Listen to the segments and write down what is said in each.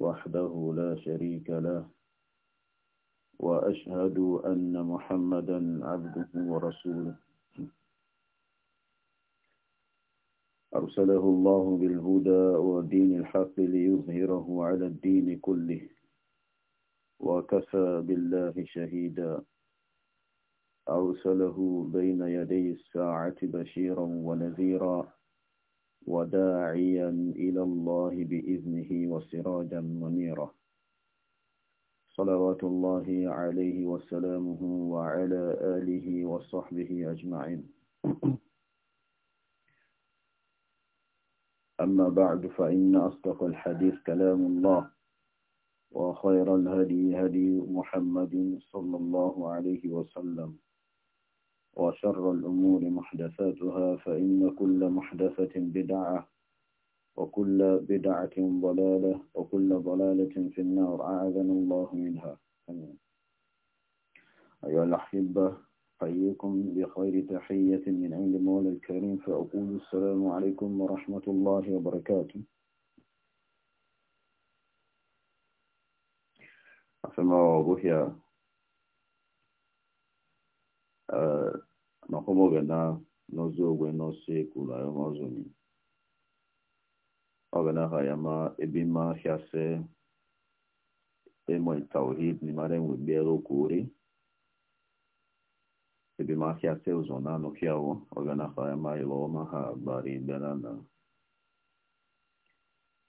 وحده لا شريك له وأشهد أن محمدا عبده ورسوله أرسله الله بالهدى ودين الحق ليظهره على الدين كله وكفى بالله شهيدا أرسله بين يدي الساعة بشيرا ونذيرا وداعيا إلى الله بإذنه وسراجا منيرا صلوات الله عليه وسلامه وعلى آله وصحبه أجمعين أما بعد فإن أصدق الحديث كلام الله وخير الهدي هدي محمد صلى الله عليه وسلم وشر الأمور محدثاتها فإن كل محدثة بدعة وكل بدعة ضلالة وكل ضلالة في النار أعاذنا الله منها أمين أيها الأحبة حييكم بخير تحية من عند مولى الكريم فأقول السلام عليكم ورحمة الله وبركاته أفهم أبوه na como gana nozo we no se kula yo mozumi ogana hayama ebima hiase emo tauhid ni mare we belo kuri ebima hiase uzona ha kiawo ogana hayama ilo ha bari belana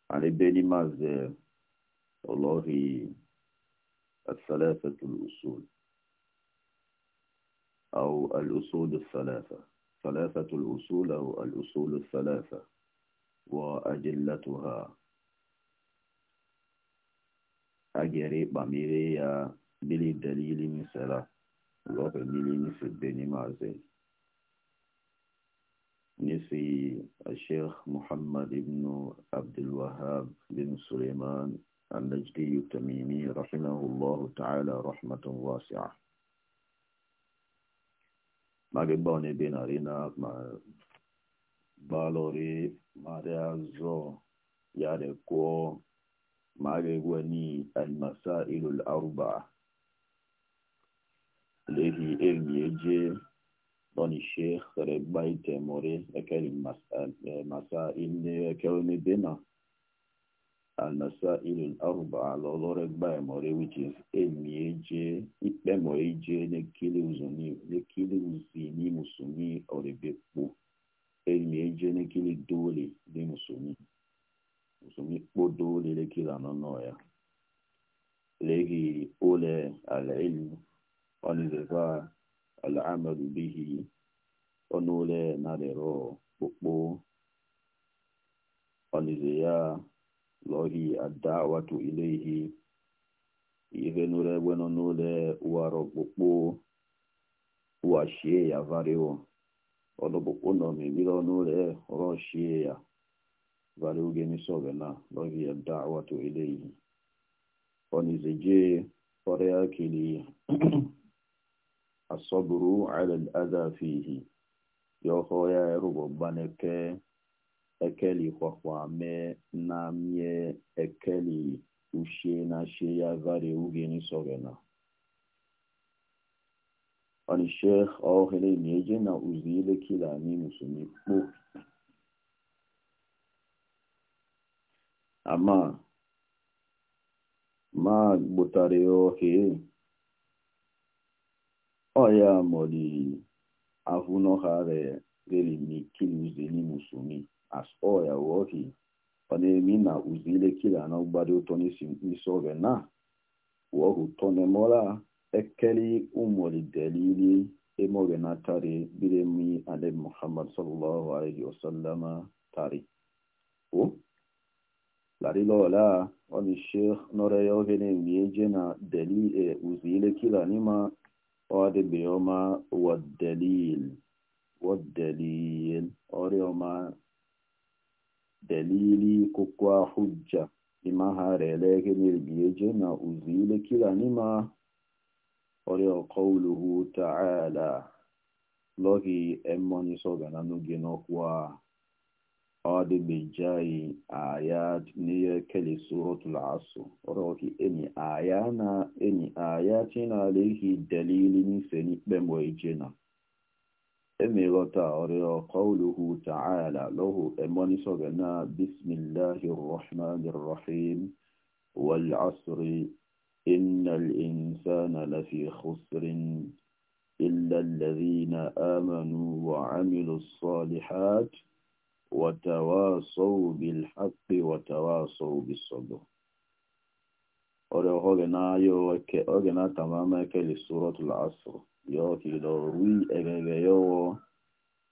ale beli maze olohi الثلاثة أو الأصول الثلاثة ثلاثة الأصول أو الأصول الثلاثة وأجلتها أجري بميريا بلي دليل مثلا لوك بلي مثل بني مازي نسي الشيخ محمد بن عبد الوهاب بن سليمان النجدي التميمي رحمه الله تعالى رحمة واسعة mage bone binarina ma balori mare azo yare ko mage gwani almasailu alarba lehi elmieje doni sheikh rebaite more ekel masail ne ekel medena masa e anasailul arụba ala ọlọrụ egbe more which is eje ikpe ma ije n'ekili uzi ni musumi oribekpo emieje n'ekili dole ni musumi musumi kpo dole lekila nọnọ ya lehi ole alilmu ọnizeza alamalu bihi ọnụ ole narịrọ kpokpo ọnize ya lọhi adawatu ilehi ive n'ụlọ egbe nọ n'ụlọ ụwarọkpụkpụ ụwashie ya vario ọlọkpụkpụ nọ mebiri n'ụlọ rọshie ya vario genisovena lọhi adawatu ilehi onizeje ọrịa kili asọburu ala ada fihi yọhọ ya rụbọ gbanekee ekeli kwakwame na mie ekeli ushie na shie ya vari ugeni sogena ani sheikh ohele mieje na uzile kila ni musumi kpo ama ma gbotare ohe oya moli avunohare geli mikili uzeni musumi asọ ya wohi ọ na-emi na ụzọ ilekere anọ gbado ụtọ n'isi ọrịa na wohu tonemora ekeli umolidelili emore na tari biremi ale muhammad sallallahu alaihi wasallama tari o oh, larilola ọni sheikh nọrọ oge na-emi eje na deli e ụzọ ilekere n'ima ọ adịbeghị ọma wadelil wadelil ọrịa ọma dalili ko kuwa hujja imaharele genirbiyeje na uzile kila nima oreo qawluhu ta'ala logi emoni sogana nuge nokwa adi bijai ayat niye keli suratul asr oroki eni ayana eni ayatina alihi dalili niseni pembo ijena أمغتا أريا قوله تعالى له أماني صغنا بسم الله الرحمن الرحيم والعصر إن الإنسان لفي خسر إلا الذين آمنوا وعملوا الصالحات وتواصوا بالحق وتواصوا بالصبر وكي أغنى تماما كالسورة العصر يوكيدو روي يو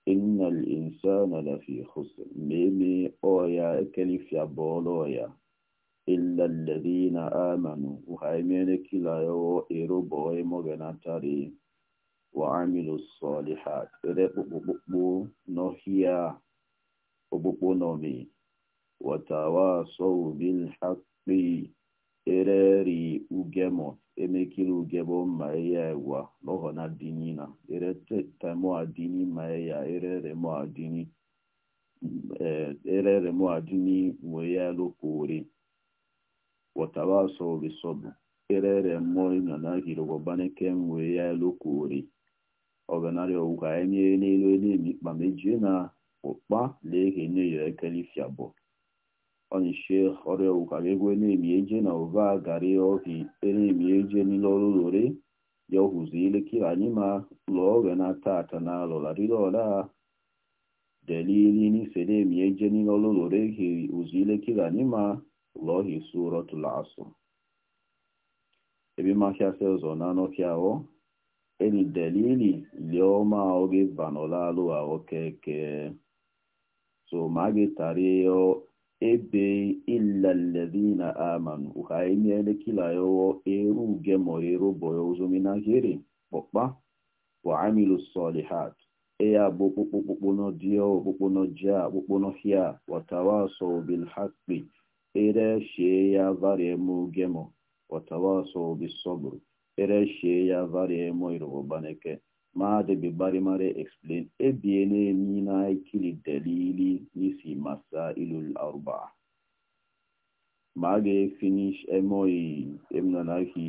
إن الإنسان لفي خسر ميمي أويا كليف يا بولويا إلا الذين آمنوا وهايمين كلا يو إيرو بوي تاري وعملوا الصالحات ربو نوهيا أبو نومي وتواصوا بالحق إراري وجمو emekiri ugebo maeya ịwa loho na dini na ere temo adini maeya ere remo adini eh, ere remo adini weya lokore watawaso bisobu ere remo na na hirogo baneke weya lokore oganari owuka enye n'elu ele mikpa mejie na ụkpa lee ihe na-eyo ekelifiabụ onye sheikh ọrịa ụkara egwe na-emi eje na ụva gari ọhi ena-emi eje n'ile ọrụ lore ya ọhụzi ilekere anyị ma lụọ oge na tata na lụlarịrị ọla delili n'ife na-emi eje n'ile ọrụ lore hiri ụzi ilekere anyị ma lụọ hi suro tụlasụ ebe mahịa sezọ na anọkịa ọ delili liọma oge banọla ahụ keke so ma a ga ebe ilalladhina amanu ukaimele kila yowo eruge moyero boyo uzomina gere popa wa amilu salihat eya bo popopopo no dio popo no ja hia watawaso bil haqqi ere sheya e watawaso ere maadebe barimare explain ebiene nina ikili delili nisi masailul arba maage finish emoi emnanahi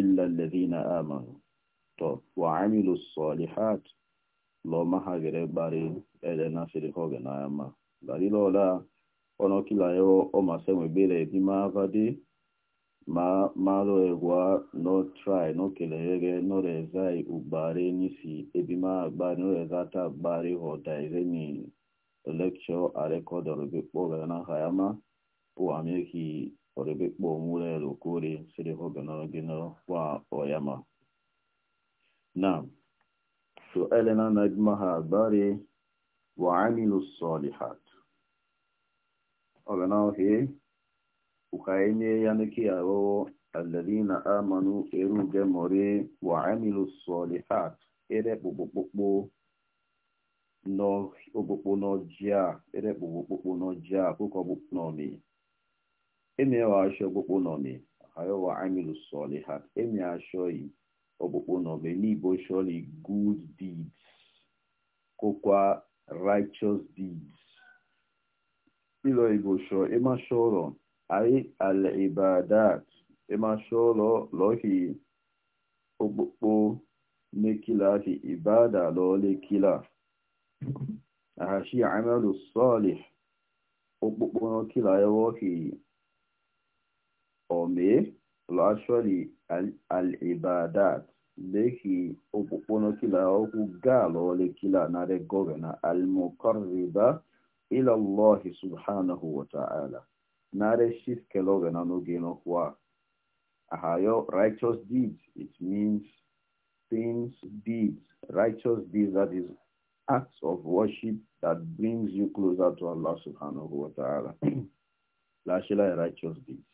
illa alladhina amanu to wa amilu salihat lo mahagere bari elena sirihoge na ama bari lola ono kila yo o masemo ibele ebima avade ma malo egwa no try no kelelege no rezai ubare nisi ebi ebima agbari no rezata agbari hoda izeni lecture a record orebekpo gana hayama po ameki orebekpo onwure lokore sere hogenoro genoro kwa oyama na. so elena na ha agbari wa amilu salihat ogana ohie ukaenye yaniki yao alladhina amanu eruge more wa amilu solihat ere kpukpukpukpu no okpukpu n'ọjịa ere kpukpukpukpu n'ọjịa akụkọ nomi asho obukpo nomi hayo wa amilu solihat eme ashoyi okpukpu nomi n'ibo sholi good deeds kokwa righteous deeds ilo igbo sho ay al-ibadat emasholo lohi okpokpo mekilahi ibada lolekila shi amalu salih okpokpo nokila ewohi ome lo actually al-ibadat lehi okpokpo nokila okwu ga lolekila na regove al-mukarriba ila Allah subhanahu wa ta'ala nareshis na no geno of war. Ahayo righteous deeds, it means things, deeds, righteous deeds, that is acts of worship that brings you closer to Allah subhanahu wa ta'ala. Lashila righteous deeds.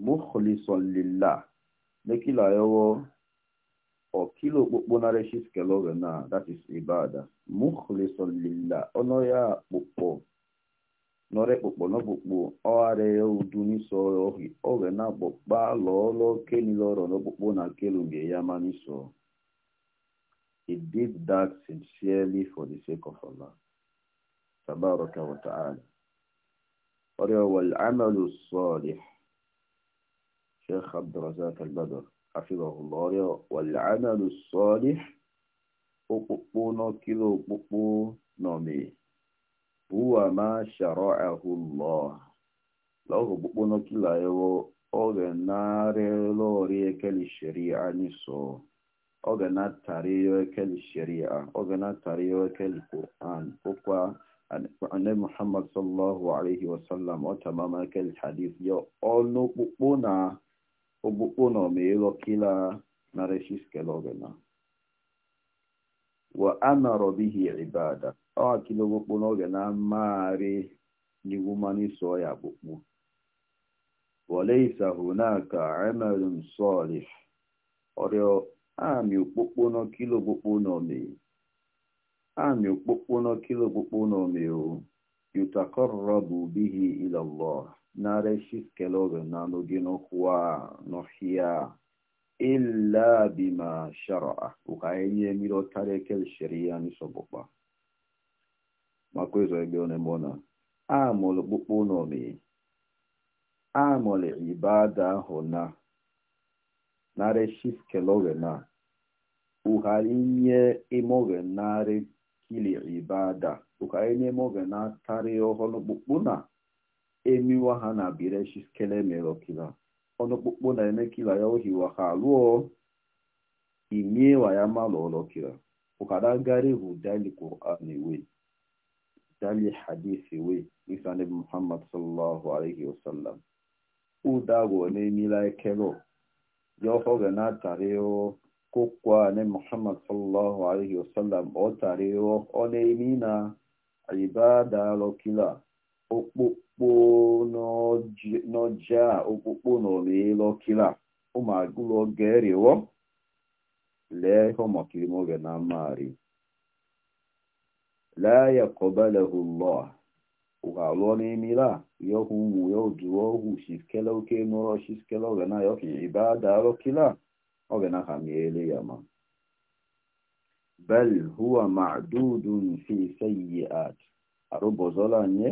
Mukhlisun lillah. la yowo or kilo bonareshis na that is ibadah. Mukhlisun lillah. Onoya popo. nore kpokpono kpokpo ọgharị ya udu n'iso ohi oge na-akpọkpa lọọlọ kenile ọrọ n'okpukpo na kelunge ya ma n'iso He did that sincerely for the sake of Allah. Tabaraka wa ta'ala. Ọrịa wal amalu salih. Sheikh Abdurazak al-Badr. Afidahullah ọrịa wal amalu salih. Okpukpo nọ kilo okpukpo nọ mee. huwa ma shara'ahu Allah lahu bubono kila yo oge na relo ri sharia ni so oge na tari yo ekeli sharia oge na tari yo ekeli Qur'an okwa ane Muhammad sallallahu alaihi wasallam o tamama ekeli hadith yo onu bubona obubono me lo kila na reshis keloge na wa amara bihi ibada Ọ ọkilogokpo n'oge na mmaghari n'iwu mmanụ iso ya akpụkpụ وليس هناك عمل صالح ọrịọ amị okpokpo n'ọkịla okpokpo n'ome amị okpokpo n'ọkịla okpokpo n'ome o bụ bihi ilalọ nara shiskele oge na n'oge n'ọkwa n'ọhịa illa bima shara ụka enye mmiri ọtara ekele sheria n'isọgbọkpa makwezo na mona amol kpukpunomi amol ibada hona nare shif kelogena uhalinye imogenare kili ibada uhalinye imogena ọhụrụ ohono na emiwa ha na bire shif kele merokila ọnụ kpukpuna emekila ya ohiwa ha ruo imiewa ya malolokila ukadagari hudali qur'ani wei dali hadisi we isa nabi muhammad sallallahu alaihi wasallam udago ne mila kero yo hoga na tareo kokwa ne muhammad sallallahu alaihi wasallam o tareo o ne mina ibada lokila okpokpo n'ọja okpokpo n'ọla lokila ụmụ agụlọ geriwo lee homokirimoge na mmari la yaqbalahu Allah ugalon emila yohu mu yodu ohu shiskela oke noro shiskela ogana yoki ibada rokila ogana hamiele yama bal huwa ma'dudun fi sayyi'at arubozola nye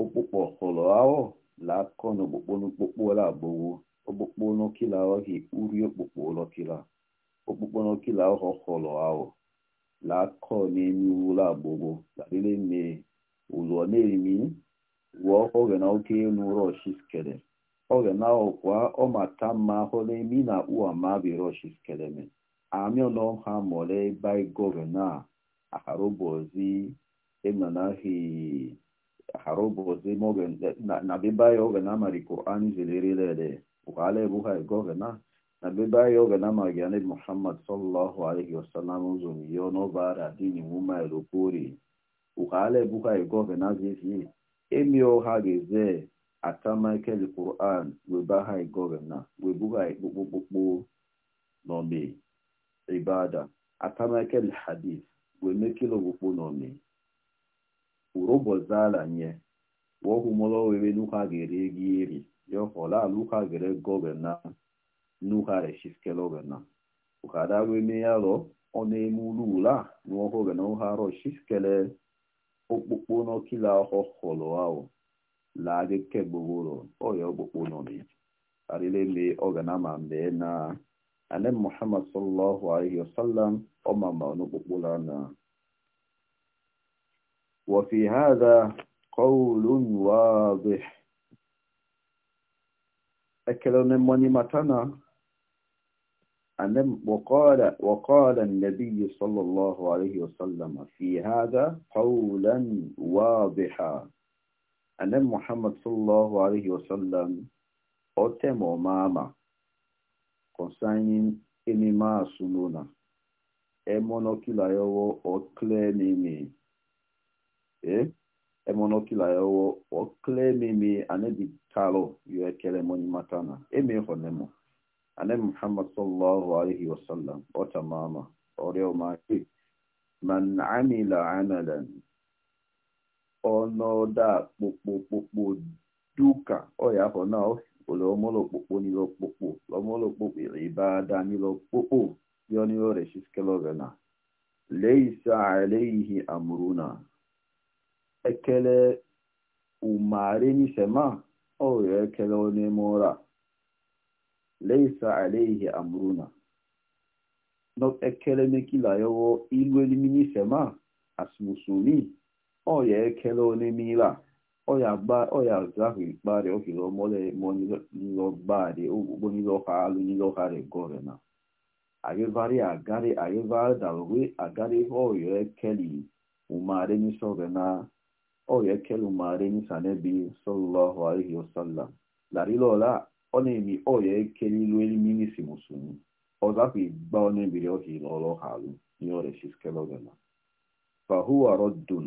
okpukpo holo awo la kono okpukpo okpukpo la bowo okpukpo no kila ohi uri okpukpo lo kila lakọ n'emi ụlọ agbogbo karịrị mme ụlọ na-emi uwe oge na oke elu roshiskele oge na ọkwa ọmata mma hụlemi na ma uamabi roshiskeleme amịọlọ ha mọle bai gọvanọ aharobozi emanahi aharobozi na bebai oge na amariko anyị zelere lele ụhalebụha gọvanọ abeba ya oge na amaghị anabi muhammad sallallahu alaihi wasallam ụzọ ya n'ọbara din muma elokori ukhala ebuka igove nazizi emi ọha geze atamaikeli quran weba ha igove na webuha ikpụkpụkpụkpụ n'ome ibada atamaikeli hadith wemekele ogbukpụ n'ome urobozala nye wọhụmọlọ were n'ụka gere egi eri ya ọkọla alụka gere gove nuhare shiskeloge na ukadagwe meyalo onemulula nuohoge na uharo shiskele okpukpu no kila hoholo awo laage kegbogoro oya okpukpu no me arile me oge na ma mbe na ane muhammad sallallahu alaihi wasallam omama onokpukpu la na وفي هذا قول واضح أكلنا ماني متنا وقال وقال النبي صلى الله عليه وسلم في هذا قولا واضحا أن محمد صلى الله عليه وسلم أتم ماما concerning any ما سنونا أمونوكي لا يو أكلميمي إيه أمونوكي لا يو أكلميمي أنا دي كالو يو أكلموني ماتانا إيه مي خنمو anabi muhammad sallallahu alaihi wasallam wata mama ọrịa maki man amila amalan ọnọdụ kpokpokpokpo duka ọya afọ náà ole ọmọlọkpokpo nílọ kpokpo ọmọlọkpokpo ìbáadá nílọ kpokpo yọ ní ọrẹ ṣíṣkẹlọvẹna leisa aleihi amuruna ekele umare nisema ọrẹ ekele onemora leisa aleihi amruna nok ekelemekila yowo iluelimini sema asmusumi oya ekele onemila oya gba oya zahu ikpari ohilo mole monilo gbari ogbonilo ha alunilo ha regore na ayevari agari ayevari dalwe agari oyo ekeli umare ni sobe na oyo ekeli umare ni sanebi sallallahu alaihi wasallam larilola ọ na-emi ọya ekelilu elimini si musumi ọzapụ igba ọ na-emiri ọhịa ilọrọ ha alụ nye ọreshiskelogana fahuwa roddun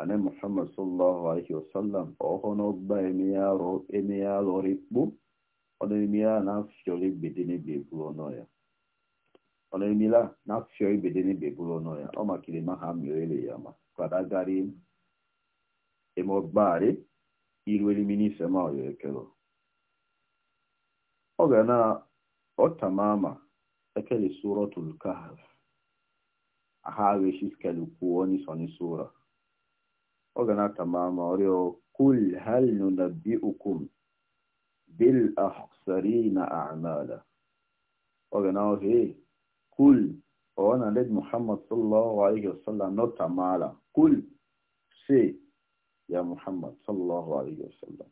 ane muhammad sallallahu alaihi wasallam ọhọ n'ọgba emeghe ya lọrọ ikpo ọ na-emi na-afịọrọ igbede n'ebe eburu ọnọ ya ọ na-emi na-afịọrọ igbede n'ebe eburu ọnọ ya ọ makiri ma ha mịọ ele ya ma kwadagari eme ọgbaghari iru elimini sema ọya ekelo ogana otamama ekeli suratul kahf ahawe shiskelu kuoni soni sura ogana tamama orio kul hal nunabbiukum bil akhsarina a'mala ogana ohe kul ona led muhammad sallallahu alayhi wasallam notamala kul say ya muhammad sallallahu alayhi wasallam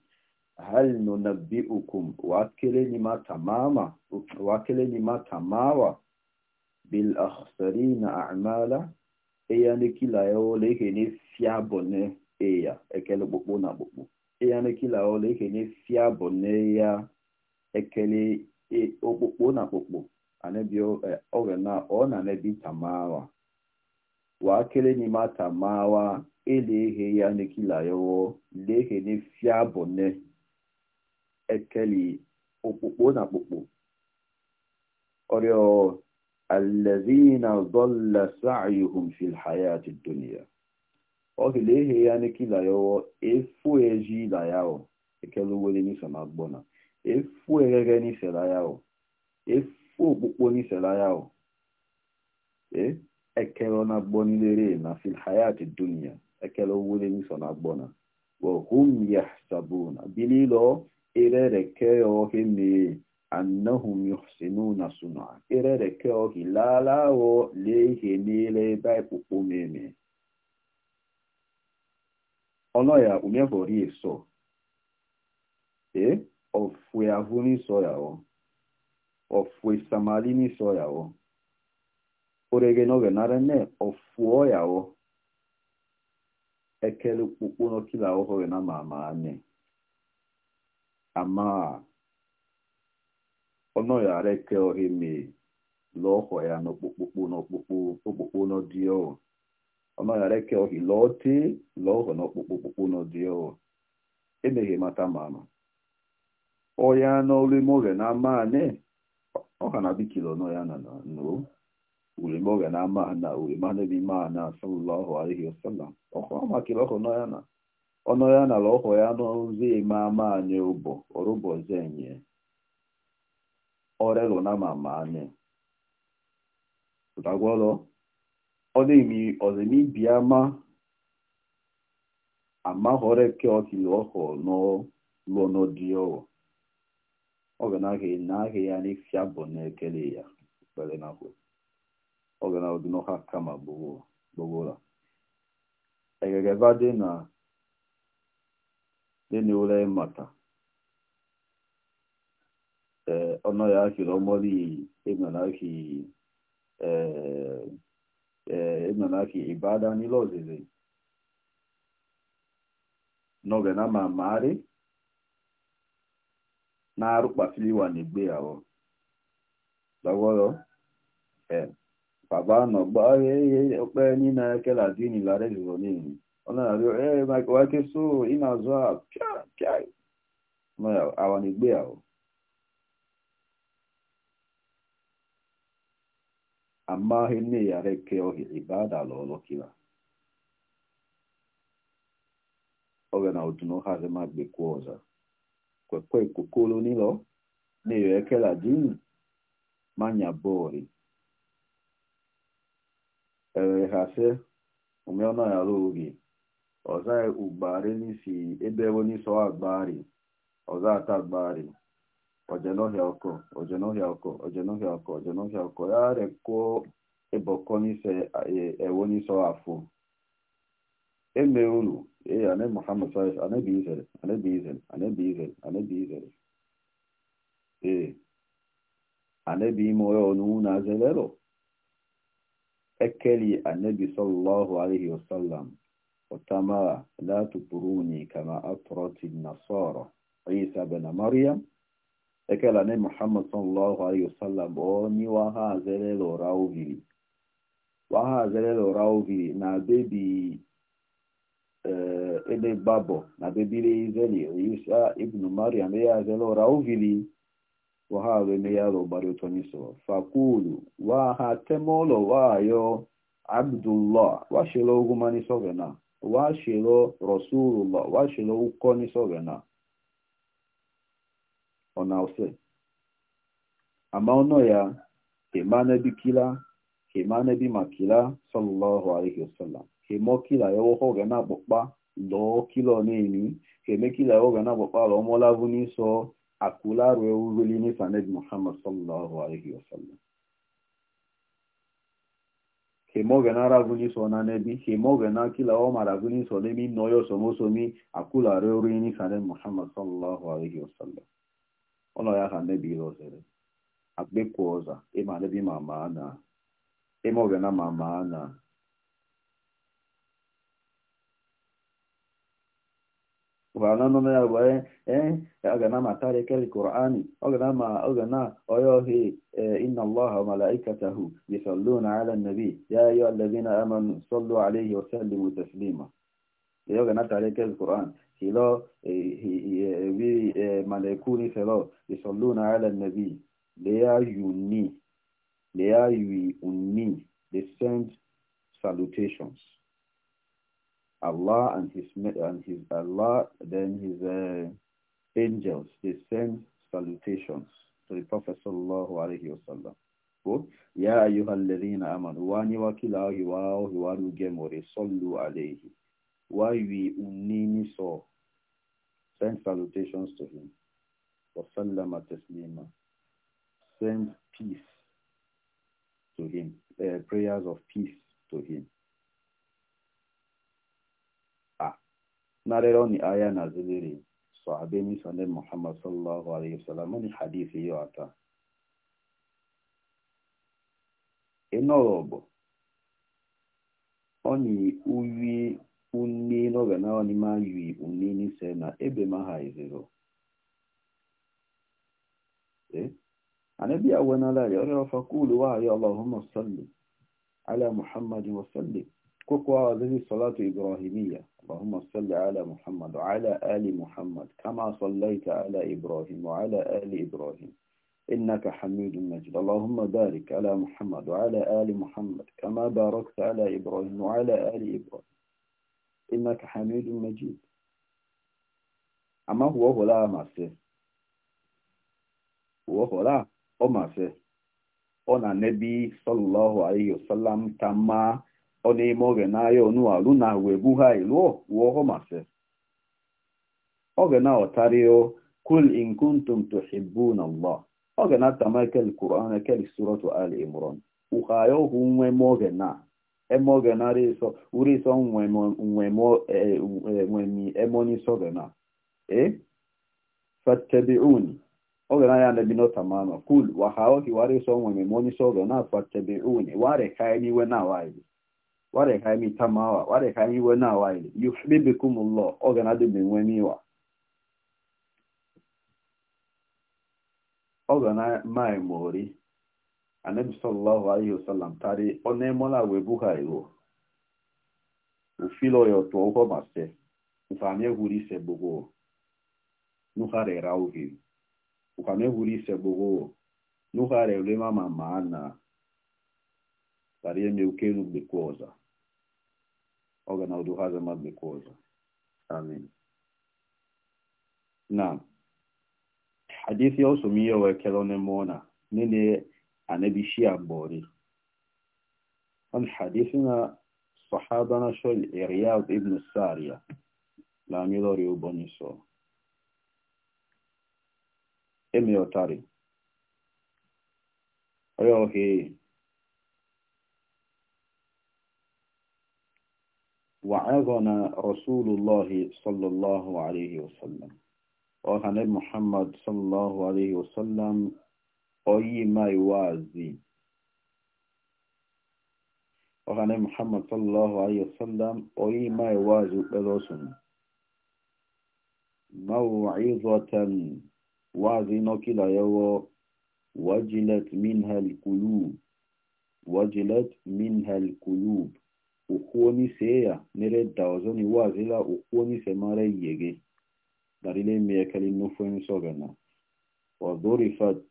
hal nunabbi'ukum wakeleni matamama wakeleni matamawa bil akhsarina a'mala eya ne kila yo leke ne fiabone eya ekele gbogbo na gbogbo eya ne kila yo leke ne fiabone ya ekele e ogbogbo na gbogbo anebio e, ore na o na nebi tamawa wakeleni matamawa elege ya ne kila yo leke ne fiabone ekeli okpukpo na akpụkpụ ọrịọ alazina dọla sayuhum fil hayati dunia ọ kele ihe ya n'ikila ya ọ efu eji ila ya ọ ekele uwere n'ise ma gbọna efu eghere n'ise la ya ọ efu okpukpo n'ise la ya ọ ekele na-agbọ n'ilere na fil hayati dunia ekele uwere n'ise na gbọna wọhum yahsabuna bililo erereke ohi mee annahum yuhsinuna suna erereke ohi lalawo lee ihe niile ebe ikpukpu meme ọlọya umevori eso e ofue avu n'iso yawo ofue samali n'iso yawo orege n'oge nara nne ofuo yawo ekele ukpukpu n'okila ohoge na mama ama anne ama ọnọghara eke ohimi lọọhọ ya n'okpukpukpu n'okpukpu okpukpu n'ọdịo ọnọghara eke ohi lọọte lọọhọ n'okpukpu okpukpu n'ọdịo emeghị mata mama ọya n'olimoge na amane ọha na bikilo nọ ya na no ulimoge na na, amana ulimane bimana sallallahu alaihi wasallam ọkwa makilọhọ nọ ya na ọnụ ya na roho ya n'ozi imama anyị ụbọ orubozi enye orelo na mama anyị pụtagwọrọ ọdịmi ọzimi biama amahore ke ọkili ọhọ n'ụlọnodio oge na-ahị na-ahị ya n'ifia bụ na-ekele ya kpere nakwe oge na ọdịnọha kama ụlọ egegeva dị na ene ụlọ ịmata ee eh, ọnọ ya hiri ọmọdụ iyi ịnọna ahi ibada ọzịzị n'oge na ma maarị na-arụkpasiliwa n'egbe ya ọrụ, lọgọrọ eh, ee baba e, nọgba e, okpe ni kela dini Eh, ọ na-arịọ ee maka wake so ị na-azụ a pịa pịa awa na-egbe ya amaghị nne ya reke ohere ibada ala ọlọkira oge na otu na ọhazi ma gbekwa ọza kwekwe kokolo nilo na-eyo ekela dinu manya bọọlụ Ewe ha sị omeọnọ ya ruo oge ọzai ugbari n'isi ebe onyeisi agbari ọza ata agbari ọjenohia ọkọ ọjenohia ọkọ ọjenohia ọkọ ọjenohia ọkọ ya rekọ ebọkọ n'ise e, ewonyeisi afọ eme uru ee ane muhammad sallallahu anabi izere anabi izere anabi izere anabi izere ee anabi ime oyo ọnụnwụ na azelero ekeli anabi sallallahu alaihi wasallam وتما لا تبروني كما أطرت النصارى عيسى بن مريم أكلنا محمد صلى الله عليه وسلم أوني وها زلل راوفي وها زلل راوفي نا بيبي ebe babo na bebile izeli isa ibnu mariam ya zelo rauvili wahawe meyalo bari otoniso fakulu wahatemolo wayo abdullah washelo ogumani sovena washilo rasulullah washilo ukoni sogana ona ose ama ono ya kemane bi kila kemane bi makila sallallahu alaihi wasallam kemo kila yo ho gana popa lo kilo nini keme kila yo gana popa lo mola vuni so akula re uruli ni sanad muhammad sallallahu alaihi wasallam hemogena raguniso na nebi hemogena kila oma raguniso nemi noyo somosomi akula reorini sane muhammad sallallahu alaihi wasallam ono ya ha nebi ilozere akpekwa ọza ịma e nebi ma maa na emogena ma maa na ụbananụ eh? na ya bụ ọgana ma tarikal qur'ani ọgana ma ọgana ọyọhe inna allaha wa malaikatahu yusalluna ala nabi ya ayyuha alladhina amanu sallu alayhi wa sallimu taslima ọgana tarikal qur'an hilo eh, eh, vi malekuni felo yusalluna ala nabi they are unique they send salutations Allah and his and his Allah, then his uh, angels, they send salutations to the Prophet sallallahu alaihi wasallam. يا أيها الذين آمنوا واني وكلا هواه وانو جموري صلوا عليه وي أنيني صو send salutations to him وسلم تسليما send peace to him uh, prayers of peace to him narero ni aya na ziliri sahabe ni sande muhammad sallallahu alaihi wasallam ni hadithi hiyo hata enorobo oni uyi unni noga e? na oni ma yi unni ni se na ebe ma ha izero eh anabi awana la ya fakulu wa ya allahumma salli ala muhammad wa sallim كوكوا هذه صلاة إبراهيمية اللهم صل على محمد وعلى آل محمد كما صليت على إبراهيم وعلى آل إبراهيم إنك حميد مجيد اللهم بارك على محمد وعلى آل محمد كما باركت على إبراهيم وعلى آل إبراهيم إنك حميد مجيد أما هو هلا ما سيه هو هلا أما سيه أنا نبي صلى الله عليه وسلم تمام ọ na-eme oge n'ahịa onualu na wee bugha iluo wuo homase oge na ọtario kul in kuntum tuhibbuna allah oge na tamakel quran kel suratu ali imran uhayo hu nwe moge na emoge na riso uriso nwe nwe mo e, e, nwe mi emoni soge na eh fattabi'uni oge na ya nabi no tamano kul wa hawo ki wariso nwe mi moni soge na fattabi'uni ware kai niwe na waidi ware ka mi mawa ware ka mi wena waile yuhibbukumullah ogana de benwe ga na mai mori anabi sallallahu alaihi wasallam tari onemola webuha iwo ufilo oh. yo to ko maste ufamye huri se bogo nuhare rauvi ufamye huri se bogo nuhare ulema mama na tari eme oga na uduhaza madbe kuoza amin na hadithi ya wa wekelone mona nini anabishia hadithi an sahaba sahabana shol iriyad ibn saria lamilori uboniso emiotari oyohii وعظنا رسول الله صلى الله عليه وسلم وهنا محمد صلى الله عليه وسلم أي ما يوازي وهنا محمد صلى الله عليه وسلم أي ما يوازي بلوسن موعظة وازي نوكيلا يو وجلت منها القلوب وجلت منها القلوب ukuonise ya nere daozo ni wazila ukuonise mare yege darile miekali nufuen sogana وضرفت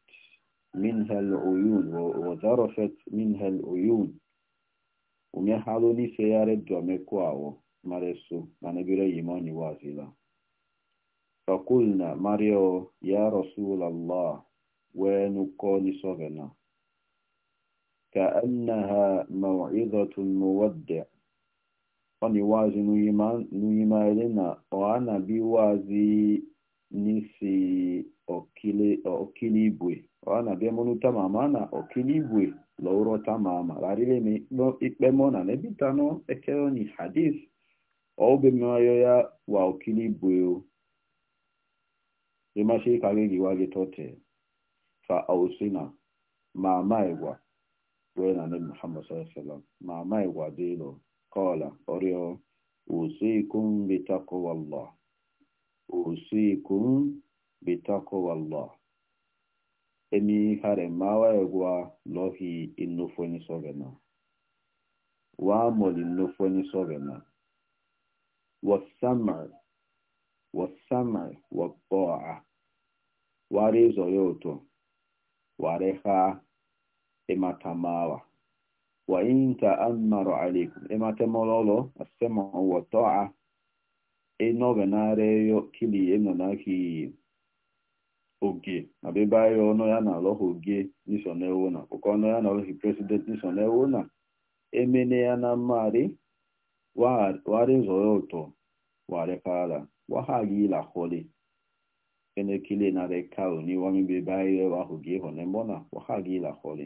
منها العيون وضرفت منها العيون umehalo ni seyare domekwao maresu manebire yimoni wazila fakulna mario ya rasul allah wenuko ni كأنها موعظة مودع oni wazi nuyimalena oana bi n'ụwa nisi okili okilibwe oana bi munuta mamana okilibwe lorota mama larile mi na ikpemona nebitano ekeo ni hadith obe mayo ya wa okilibwe o emashi kagegi ma wee na nabi muhammad sallam ma amaghị gwa dị ịlụ kọla ọrịọ usikum bitakọwallah usikum bitakọwallah emi hare mawa egwa lohi inofoni sogena wa moli inofoni sogena wasama wasama wa ta'a ware zoro to ware ha ematamawa وإن تأمر عليكم إما تمولولو السمع والطاعة إنو بناريو كلي إنو ناكي oge na bebe anyị ọnụ ya na oge n'iso n'ewo na ọnụ ya na-alọghị president n'iso n'ewo na emene ya na mmarị warị zọrọ ụtọ warị kala wahaghị ila holi na mbọ la holi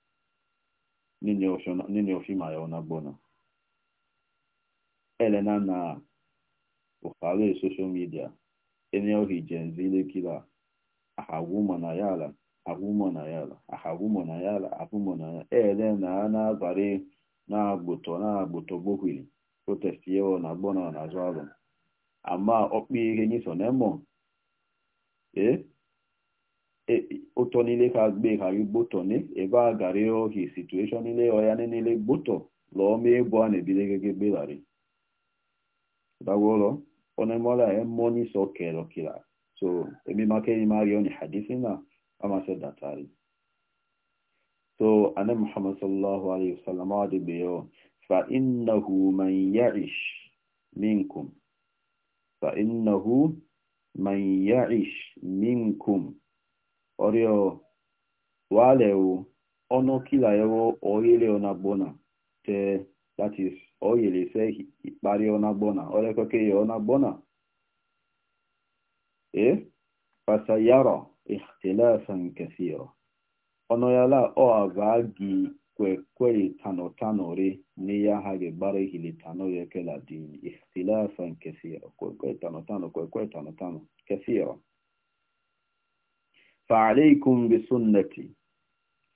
nini ofima ya onabona elena na ukhale social media eneo hijenzile kila ahagumo na yala agumo na yala ahagumo na yala agumo na yala elena na bare na agbuto na agbuto gbokwiri protest yewo na gbona na azụ alụ ama ọkpa ihe nyiso na emo eh ụtọ e, niile ka gbe e ghara igbotọ e ne ebe a gara ohi situeshọn niile ọya niile gbotọ lụọ mee egwu a na-ebidogege gbegharị dagwolọ onemola emoni so kero kila so emi make ni mario ni hadisi na ama se datari so ana muhammad sallallahu alaihi wasallam adi beyo fa innahu man ya'ish minkum fa innahu man ya'ish minkum orio walewo ono kilayewo oyele onagbona te that is oyele se ikpari onagbona orekokeye onagbona e fasayara ikhtilafan kathira ono yala o avagi kwe tano tano re ni ya bare hili tano ikhtilafan kathira tano tano kwe tano tano kathira فعليكم بسنتي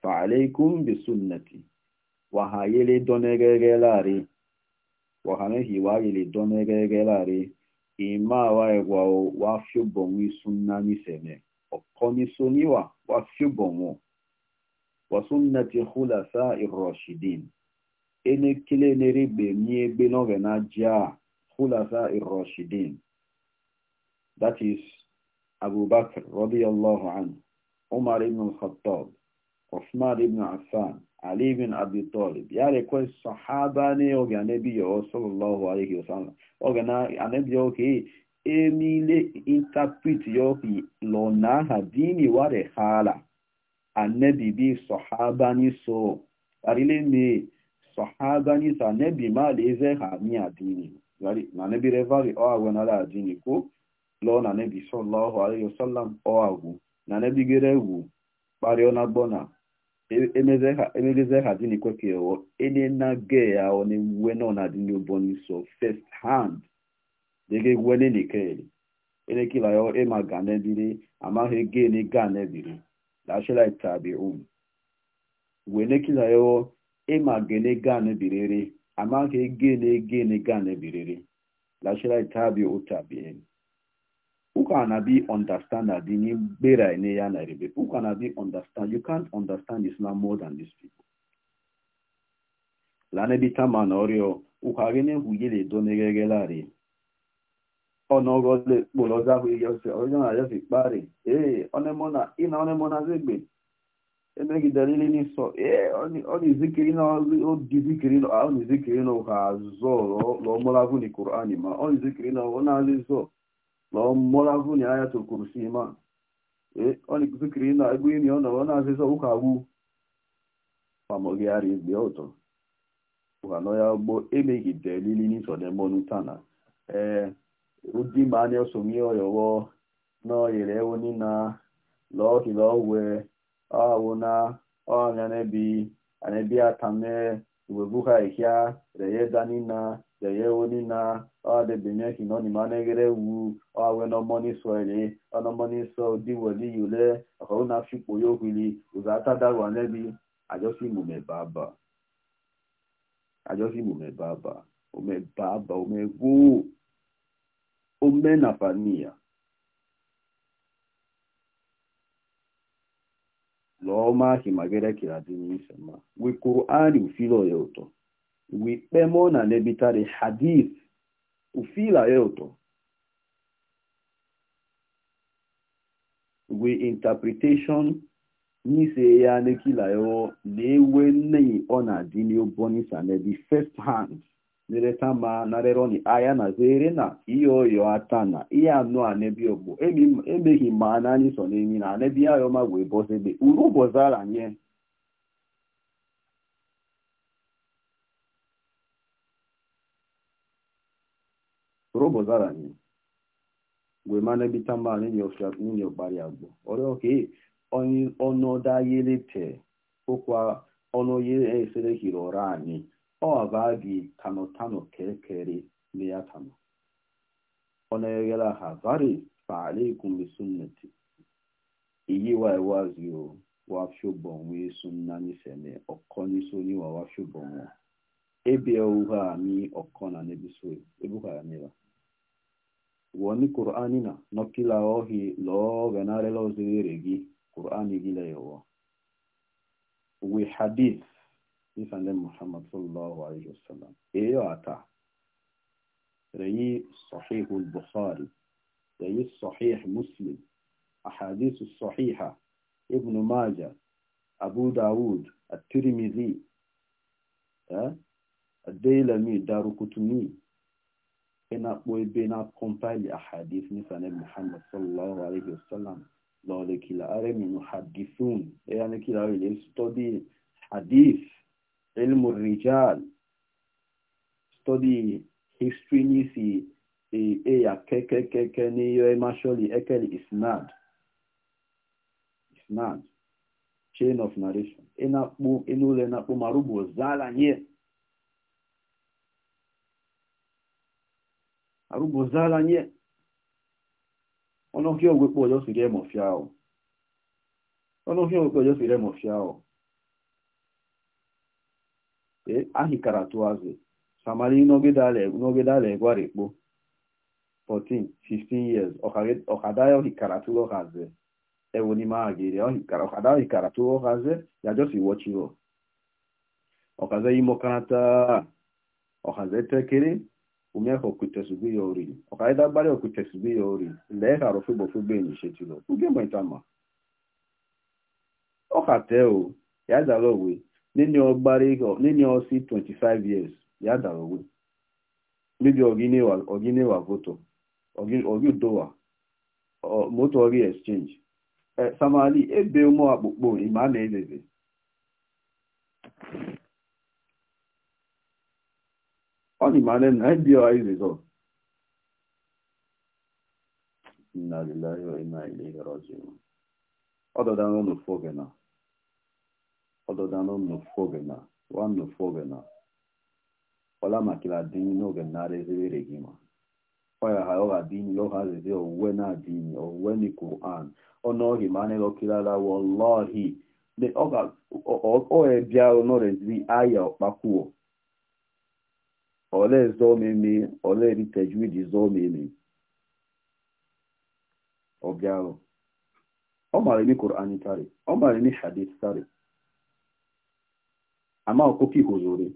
فعليكم بسنتي وهايلي دونغيغيلاري وهانهي وايلي دونغيغيلاري إما وايغواو وافيوبوني سناني سنة وقوني سنيوا وافيوبونو وسنة خلفاء الراشدين إن كلي نريبي مي بنوغنا جا خلفاء الراشدين That is Abu Bakr رضي الله عنه Umar ibn al-Khattab, Osman ibn Affan, Ali ibn Abi Talib. Ya request sahaba ne oge anebi ya sallallahu na wa sallam. na anebi ya oke emile interpret lo na ha ware hala. Anebi bi sahaba ni so. Arile me sahaba ni sa anebi ma leze ha ni adini. Yari na revari o agwe na la adini lo na sallallahu wa sallam o agwe. na nebigere egwu kpario na gbona emegeze hazi na ikwekeo enena ge ya onewuwe nọ na dị n'uboni so first hand dege gwene nikeli elekila yo ema ganebiri amaghị gene ganebiri lashela tabiun um. wenekila yo ema gene ganebiriri amaghị gene gene ganebiriri lashela tabi utabien Who can Ukanabi understand that the Bera Who can be understand. You can't understand Islam more than these people. Lanebita Manorio, oh, Ukagene Huyele Donegelari. Onogole oh, Boloza Huyose, Original Yosik Bari. Eh, Onemona, Ina Onemona Zegbe. Emegi Dalili so. eh, Oni Zikirino, Odi Zikirino, Oni Zikirino, Hazor, Lomolavu Qurani Ma, Oni zikiri na Ona Zizo lọ ní ayàtò kòrò sí ma ọ ní kìtìkìrì náà ẹgbẹ́ yìí ni ọ̀nà wọn náà fẹ́sọ̀ ó kàwú pàmọ́gí ara ìgbẹ́ ọ̀tọ̀ ọ̀hà náà ya gbọ́ emeghì dẹ̀ líli ní sọ̀dẹ̀ mọ́nú tànà ẹ̀ ó dí máa ní ọ̀sùn mi ọ̀yọ̀wọ́ náà yẹ̀rẹ̀ ẹ̀wọ̀ nínà lọ́ọ̀kì lọ́wẹ́ ọ̀hàwọ̀ náà ọ̀hàn ẹ̀nẹ́bí àtàmẹ́ ìwẹ̀bùkà ìkíá deye woni na adebinye ki no ni manegere wu awe no money soile ono money so di wodi yule ko na fipo yo kwili uzata da wane bi mụ mu me o me gboo o me gu nìyà me ma ki wikpemona lebitari hadith ufila e yoto we interpretation n'ise ya n'ekila yo na-ewe nneyi ọ na-adị n'obonisa n'ebi first hand nereta ma nareroni aya na zere na ihe oyo ata na ihe anụ a n'ebi ogbo emeghị ma na anyị sọ n'enyi na n'ebi ayọma wee bọzebe uru bọzara nye robo zara ni gwe mane bitamba ni ofia ni obari agbo ore oke oni ono da yelete okwa ono ye esere hirora ani o abagi tano tano kekere ne ya ona yela hazari fa alaikum bi sunnati iyi wa o wa sunna ni sene wa woni qur'ani na nokila ohi lo ganare lo ziregi qur'ani gile yo we hadith ifande muhammad sallallahu alaihi wasallam eyo ata reyi sahih al-bukhari reyi sahih muslim ahadith sahiha ibn majah abu daud at eh ad-dailami ina kpoebe na compile a hadith ni sanad muhammad sallallahu alaihi wasallam lọle kila are minu hadithun eya ni kila ile study hadith ilmu rijal study history ni si eya e kekekeke ni yo emasholi e isnad isnad chain of narration ina kpo inu le na kpo marubo zala nye arụgbozala nye ọnụọhịa ogwekpe ọjọ siri emofia ahụ ọnụọhịa ogwekpe ọjọ ahịkara tụazị samari n'ogede ala 14 15 years ọkadayo hikara tụlọ hazi ewo n'ime aha gịrị ọkadayo ya tụlọ hazi ya jọsi wọchiro ọkaze imokanata umeaka okutesugbu ya ori ọkaida agbara okutesugbu ya ori nde ka rofugbo fugbo enyishetulo uge maitama ọkate o ya dara 25 years ya dara ogi moto exchange eh, samali na ọ na 9 BOI results. Inna lillahi wa inna ilayhi raji'un. Other than on the Fogena. Other than on the Fogena. One no Fogena. Ola makila dini no genare zivi regima. Oya hayoga ma lo hazezi o wena dini o weni Quran. Ono himane lo ole zomimi ole ritejwidi zomimi obialo ọ mara imi kur'ani tari ọ mara imi hadith tari ama okoki huzuri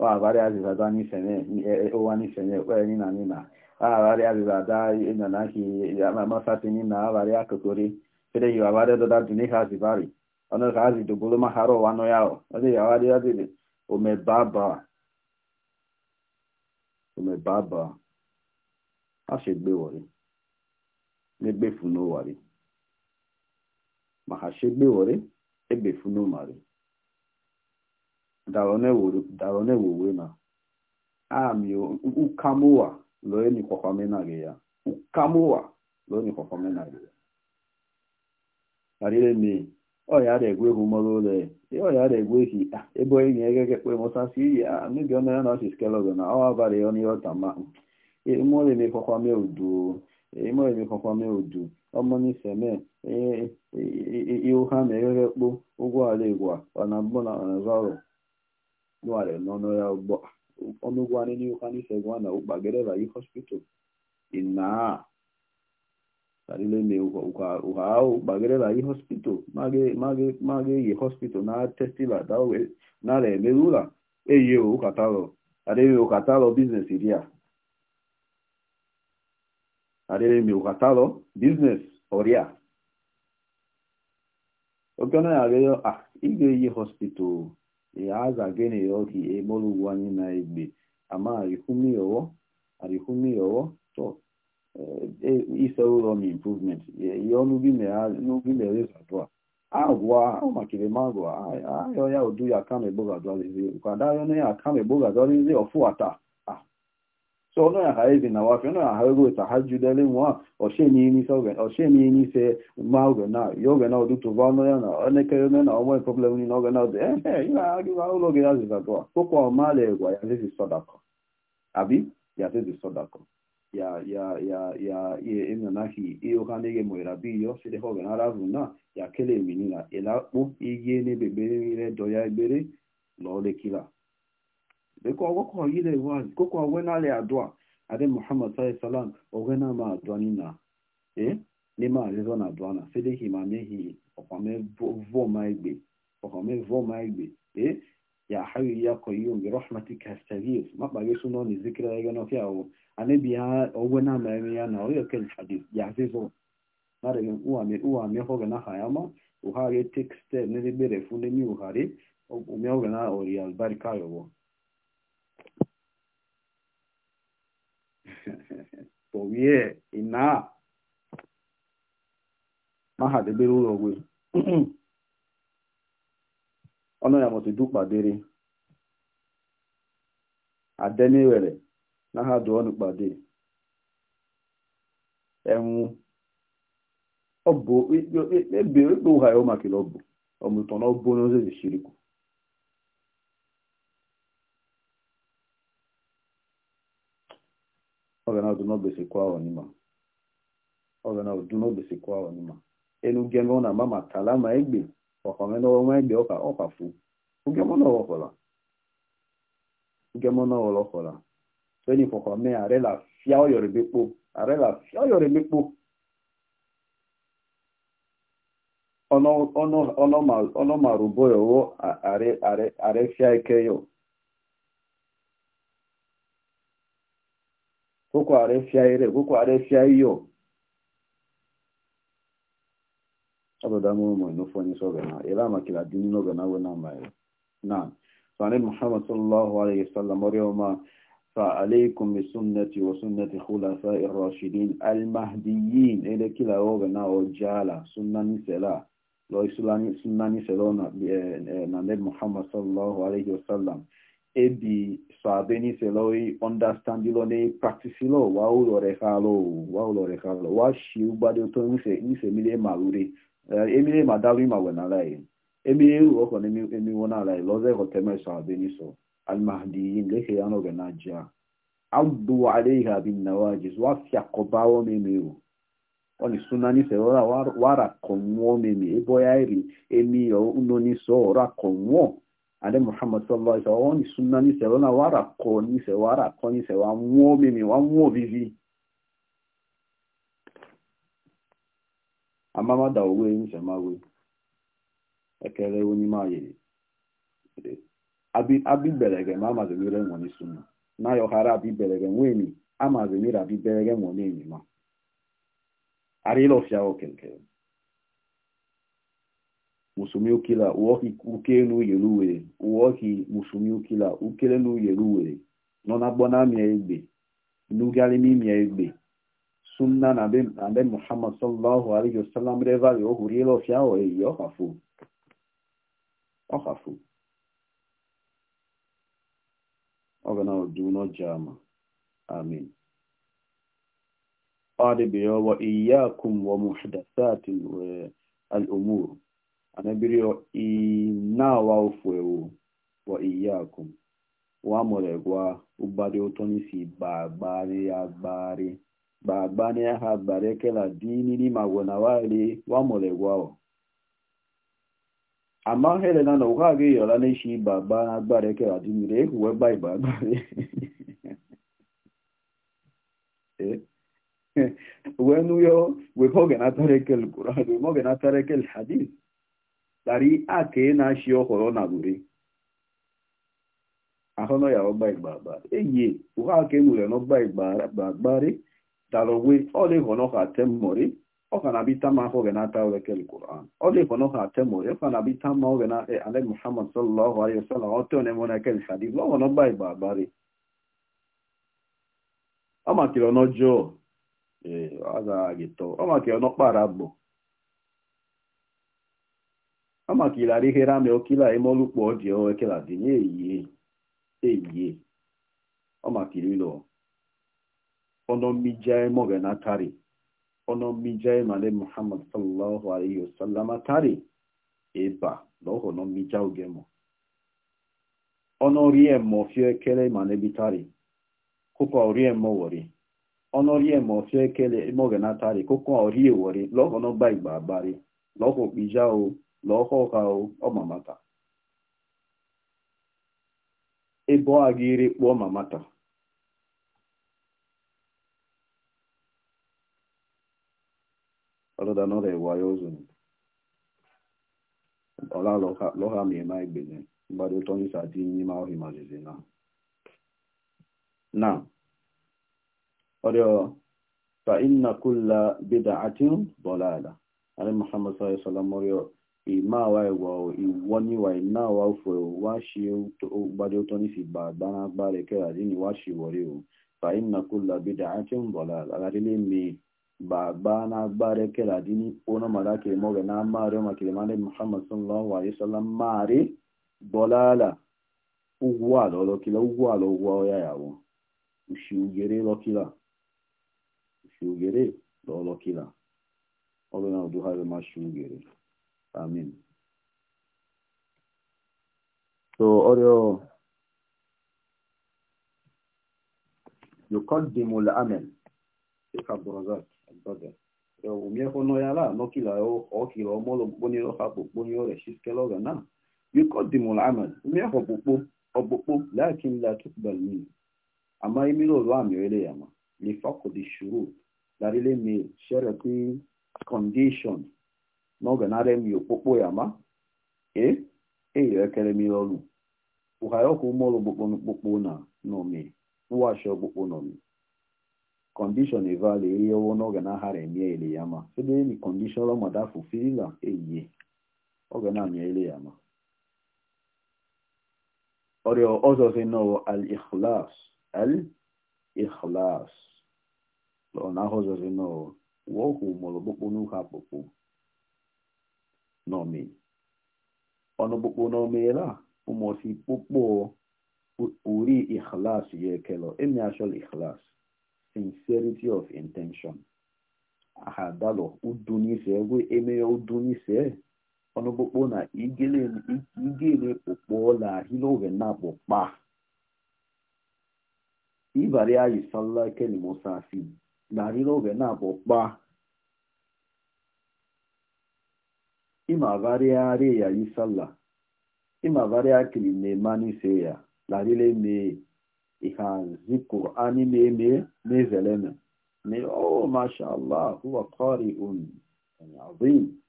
ọ agbara azịza da n'ifenye ụwa e, e, n'ifenye ekpere ni na ni na agbara azịza da ịnya na ahị amasati ni na agbara akụkụri fere yi agbara doda duniha azibari ọnụ ha ka azidogolo mahara ụwa nọ ya ọ ọ dị ya agbara azịza omebaba omebaba a ṣe gbé wọrí funu wari ma ha ṣe gbé wọrí egbe funu mari darone na ami ukamuwa lóye ní kọkọ ya ukamuwa lóye ní ya. ọya regwe humoro le ọya egwe hi ah, ebe onye ga-ege gekpe mụtasị iyi a mebi ọnụ ya na ọchị skelogo na ọ abalị ọnụ n'ihe ọta ma imụrụ emekwakwa mee udu imụrụ emekwakwa mee udu ọmọnị seme ihu ha na-eghe ụgwọ ala igwa na n'ọnụ ya ọnụ ụgwọ n'ihu ha n'ise gwa na ụkpa gereba yi hospital ị naa sarile le uhao bagere la i hospital mage mage mage i hospital na testila da we na le melula eye o katalo adere o katalo business iria adere mi o katalo business oria okana ya ge ah ige i hospital e aza gene yo ki e molu wani na ibi, ama arihumi yowo arihumi yowo to ụlọ na improvement ihe ọnụgịnere zadua agwa ụmakịrịmagụ ahịọ ya udu ya kama egbogadụalizi ụkwada ahịọ na ya kama egbogadụalizi ọfụwata so ọnụ ya ha ezi na wafe ọnụ ya ha ego ta ha jidere nwa ọchie n'ime ise ma oge na ya oge na ọdụ ọdụtụba ọnụ ya na elekere ome na ọnwe problem na oge na ọdụ ee ihe agịba ụlọ gị ya zizadụa tụkwa ọmala egwa ya zizi sọdakọ abi ya zizi sọdakọ ya ya ya ya ya enanahi iyokanege moerabiyo sirehogenaravuna yakeleminila elakpo igiene beberere doya ebere lolekila bekogokoyile wazi koko awenale adwa ade muhammad saa salam ogena ma na. e nema arezo na aduana sedehimamehii ọkwame voma egbe ọkwame voma egbe e ya hayu ya koyum birahmatika astagis ya zikira egenofia o anabi ya ogwe na amere ya na oyo ken hadis ya zizo na de uwa me uwa me hoga na hayama uhare text ne de bere funde mi na ori albarika yobo powie ina maha de bere ulo ogwe ono ya na ha dụ ọnụ kpade enwu ọbụ ebe ekpe ụha ya ụmakịla ọbụ ọmụtọ na ọbụ n'ozi zishirikwu ọgana ọdụ n'ogbesi kwa ọnịma ọgana ọdụ n'ogbesi kwa ọnịma enu geme ọ na-ama ma tala ma egbe ọkọmenọ ọnwa egbe ọka ọkafu ugemọ na ọwọkọla fẹ́ni fọ̀kànmẹ́ ma làfíà ma mẹ́po ààrẹ làfíà ọ̀yọ̀rẹ̀ mẹ́po ọlọ́màrúbọ̀yọ̀ wọ́ ààrẹ fíà ẹkẹyọ̀ kókò ààrẹ fíà ẹrẹ kókò ààrẹ fíà ẹyọ̀ abada na ila makila dini na gana na mai na so muhammad sallallahu alaihi wasallam orioma فعليكم بسنة وسنة خلفاء الراشدين المهديين إلى كلا وغنا وجالا سنة سلا لو سنة سلونا نبي محمد صلى الله عليه وسلم ebi sabeni seloi understandi lo ne practice lo wa u lo rekalo wa u lo rekalo wa shi u ba de to nse nse mi le ma lure emi le ma dalu ma wona lai emi e u o ko ni mi wona lai lo ze ko teme sabeni so المهديين لك يانو جناجا عضوا عليها بالنواجز وافيا قباو ميميو oni sunani se ora wara konwo mimi ya emi yo unoni so ora konwo ade muhammad sallallahu alaihi wasallam oni sunani se ora wara koni se wara koni se wa nwo mimi wa nwo vivi amama da owe ni mawe ekele abibelege ma amazimire nwere suna na yohara abibelege nweni amazimire abibelege nwere enyima arilofia okenke musumi ukila uohi ukelu yeluwe uohi musumi ukila ukelelu yeluwe nona bona mia egbe nugali mia egbe sunna na be na be muhammad sallallahu alaihi wasallam revali ohurielofia o eyi ọhafu ọhafu ọgana ọdụnọ jama amin ọdịbịa wa iyakum wa muhdathati al'umuru anabiri inawa ofu ewu wa iyakum wa gwa ụgbari ụtọ n'isi gbagbari ya gbari gbagbari ya ha gbari ekela dini ni magwona wali wa mọregwa o ama hele na na ụha gị yọrọ n'isi igba gba agbara ekere adị mmiri ehuwe gba igba agbara wee nuyo wepe natara ekele kwuru ha wee oge natara ekele hadis tari aka na ashi ọhụrụ na buri ya eyi temori okanabitama hapo genata ule kel Qur'an ode kono hmm. ka temo e kanabitama ule na e ale Muhammad sallallahu alaihi wasallam otone mona kel hadith lo no bai babari ama kilo no jo e aza okila eyi ono mija imale muhammad sallallahu alaihi wasallam atari eba loho no mija ugemo ono rie mo fie ekele imale bitari kupa orie mo wori ono rie mo fie ekele imoge natari kupa orie wori loho no ba igba abari loho pija o loho ka o omamata ebo agiri kpo mamata ọlọ́dà náà rẹ̀ wáyé ọ̀zọ̀ ọ̀la lọ́ha mìíràn ìgbèlè mgbadé tó ní sàdí ní máa rí màzìzì Na. náà ọ̀rẹ́ fa inna kulla bid'atin dalala ale muhammad sallallahu alaihi wasallam ọ̀rẹ́ ìmá wa ìwà e wa shi o fa inna kulla baba na gbare kela dini ona mala ke moga na mare ma kele mane muhammad sallallahu alaihi wasallam mare bolala ugwa lo lo kila ugwa lo ugwa ya yawo ushi ugere lo kila ushi ugere lo lo kila olo na duha ma shi ugere amin so oryo يقدم العمل في عبد الرزاق ọ umieho no yala no kila o kila o molo boni na yuqaddimu al-amal umieho popo opopo lakin la tuqbal min ama imiro lo ami ele yama li faqdi shurut mi na mi opopo yama e e yo kele na condition evale ihe ọwụ n'oge na-aghara emie ele ya ma sebe ni condition ọmada fulfilla eyie oge na-amịa ele ya ma ọrịa ọzọzi nọwụ al-ikhlas al-ikhlas lọna ahụzọzi nọwụ wọhụ mọlọkpụkpụ n'ụka akpụkpụ nọmi ọnụkpụkpụ n'omeela ụmụosi kpụkpụ uri ikhlas ya ekelo emi ashọl ikhlas sincerity of intention ahadalo udunise egwe emeya udunise ọnụkpụkpụ na igele kpụkpọla na kpụkpa ibari ayi salla kelimusafi na na kpụkpa imavariari ya yi salla imavariakili na-emanise ya larile mee ihazi qur'ani meme mezeleme ni oh mashallah huwa qari'un yani azim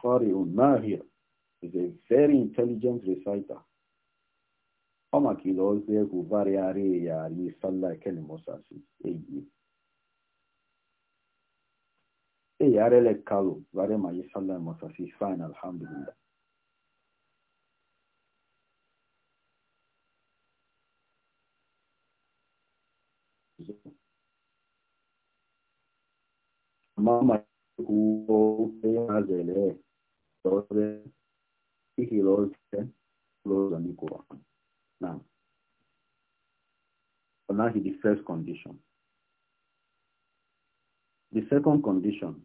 qari'un mahir is a very intelligent reciter ọmọ kìlọ̀ ọ̀sẹ̀ kò bárí ààrẹ ìyá àrí sálà kẹ́lì mọ́sàsì èyí èyí àrẹ́lẹ̀ kálò bárí màá yí sálà mọ́sàsì fine alhamdulillah mama huo yazele loze ihi loze loza ni Quran. Now, so now he the first condition. The second condition,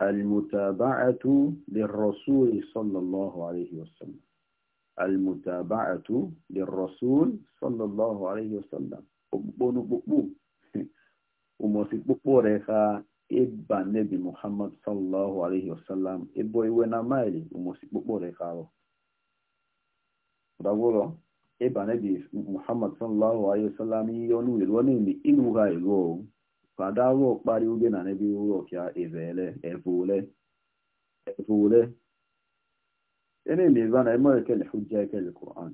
al-mutaba'atu lirrasul sallallahu alayhi wa sallam. Al-mutaba'atu lirrasul sallallahu alayhi wa sallam. Ogbonu gbogbo. Umosi gbogbo rẹ̀ ka ịba nebi muhammad sallallahu alaihi wasallam ebo iwe na maili umosikpokpo rekalo dagwụrọ ịba nebi muhammad sallallahu alaihi wasallam ihe ọnụ ilu ọnụ ilu ha ilu kada ruo kpari uge na nebi ruo ka ezele evule evule ene ne zana ema ekele hujja ekele qur'an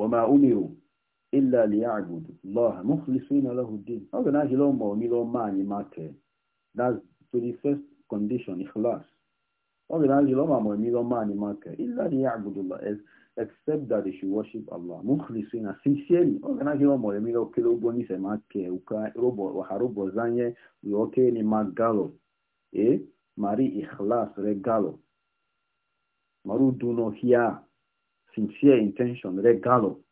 وما أمروا إلا ليعبد الله مخلصين له الدين أو كنا جلو مؤمن لو ما نماك that's to the first condition إخلاص أو كنا جلو ما مؤمن لو ما نماك إلا ليعبد الله except that they should worship Allah مخلصين sincerely أو كنا جلو مؤمن لو كلو بني سماك وكا روبو وحروبو زانية ويوكي نماك غالو إيه ماري إخلاص رجالو مارو دونو هيا sincere intention regalo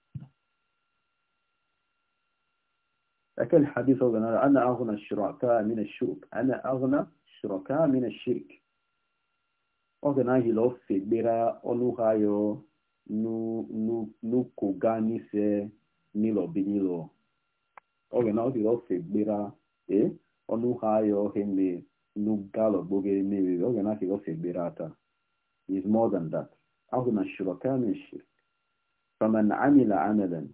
لكن الحديث هو أنا أغنى الشركاء من الشرك أنا أغنى الشركاء من الشرك أغنى يلو في بيرا أنو هايو نو نو نو كوغاني سي نيلو بنيلو أغنى يلو في بيرا إيه أنو هايو هيمي نو غالو بوغي ميبي أغنى يلو في بيرا تا is more than that أغنى الشركاء من الشرك فمن عمل عملا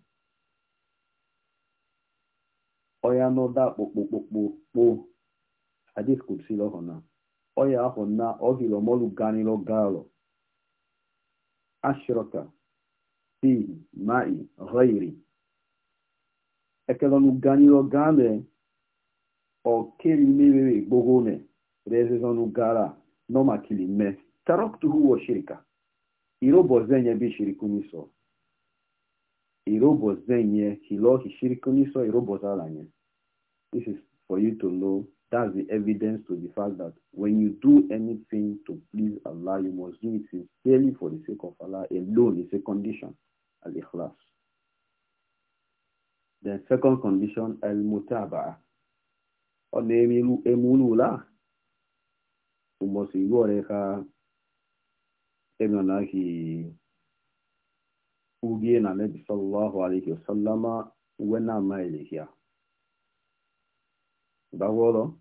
oya n'ọda kpokpokpokpo hadith kutsi lọhọna oya ahọna ohilomolu ganilo galo ashroka fihi mai ghairi ekelonu ganilo gane okeli mewewe gbogone rezezonu gara nomakili me taraktuhu wa shirika irobo zenye bi shirikuniso Irobos Zenye, he lost his shirikuni, so Irobos Alanye. This is for you to know. That's the evidence to the fact that when you do anything to please Allah, you must do it sincerely for the sake of Allah alone. It's a condition. Al-Ikhlas. The second condition, Al-Mutaba'a. Onemilu emulula. Umosigu oreka emanaki ugie na nabi sallallahu alaihi wasallama wena maelehia bagolo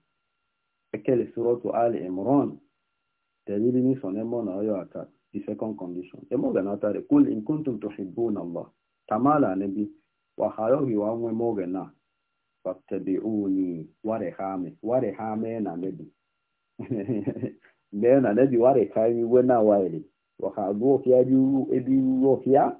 ekele suratu ali imran dalili ni sonemo na oyo ata the second condition emoga na atare kul in kuntum tuhibbuna allah tamala nabi wa hayogi wa mwe moge na fattabi'uni warehame warehame na nabi mbe na nabi warehame wena waeli wa hago kia biu ebiu kia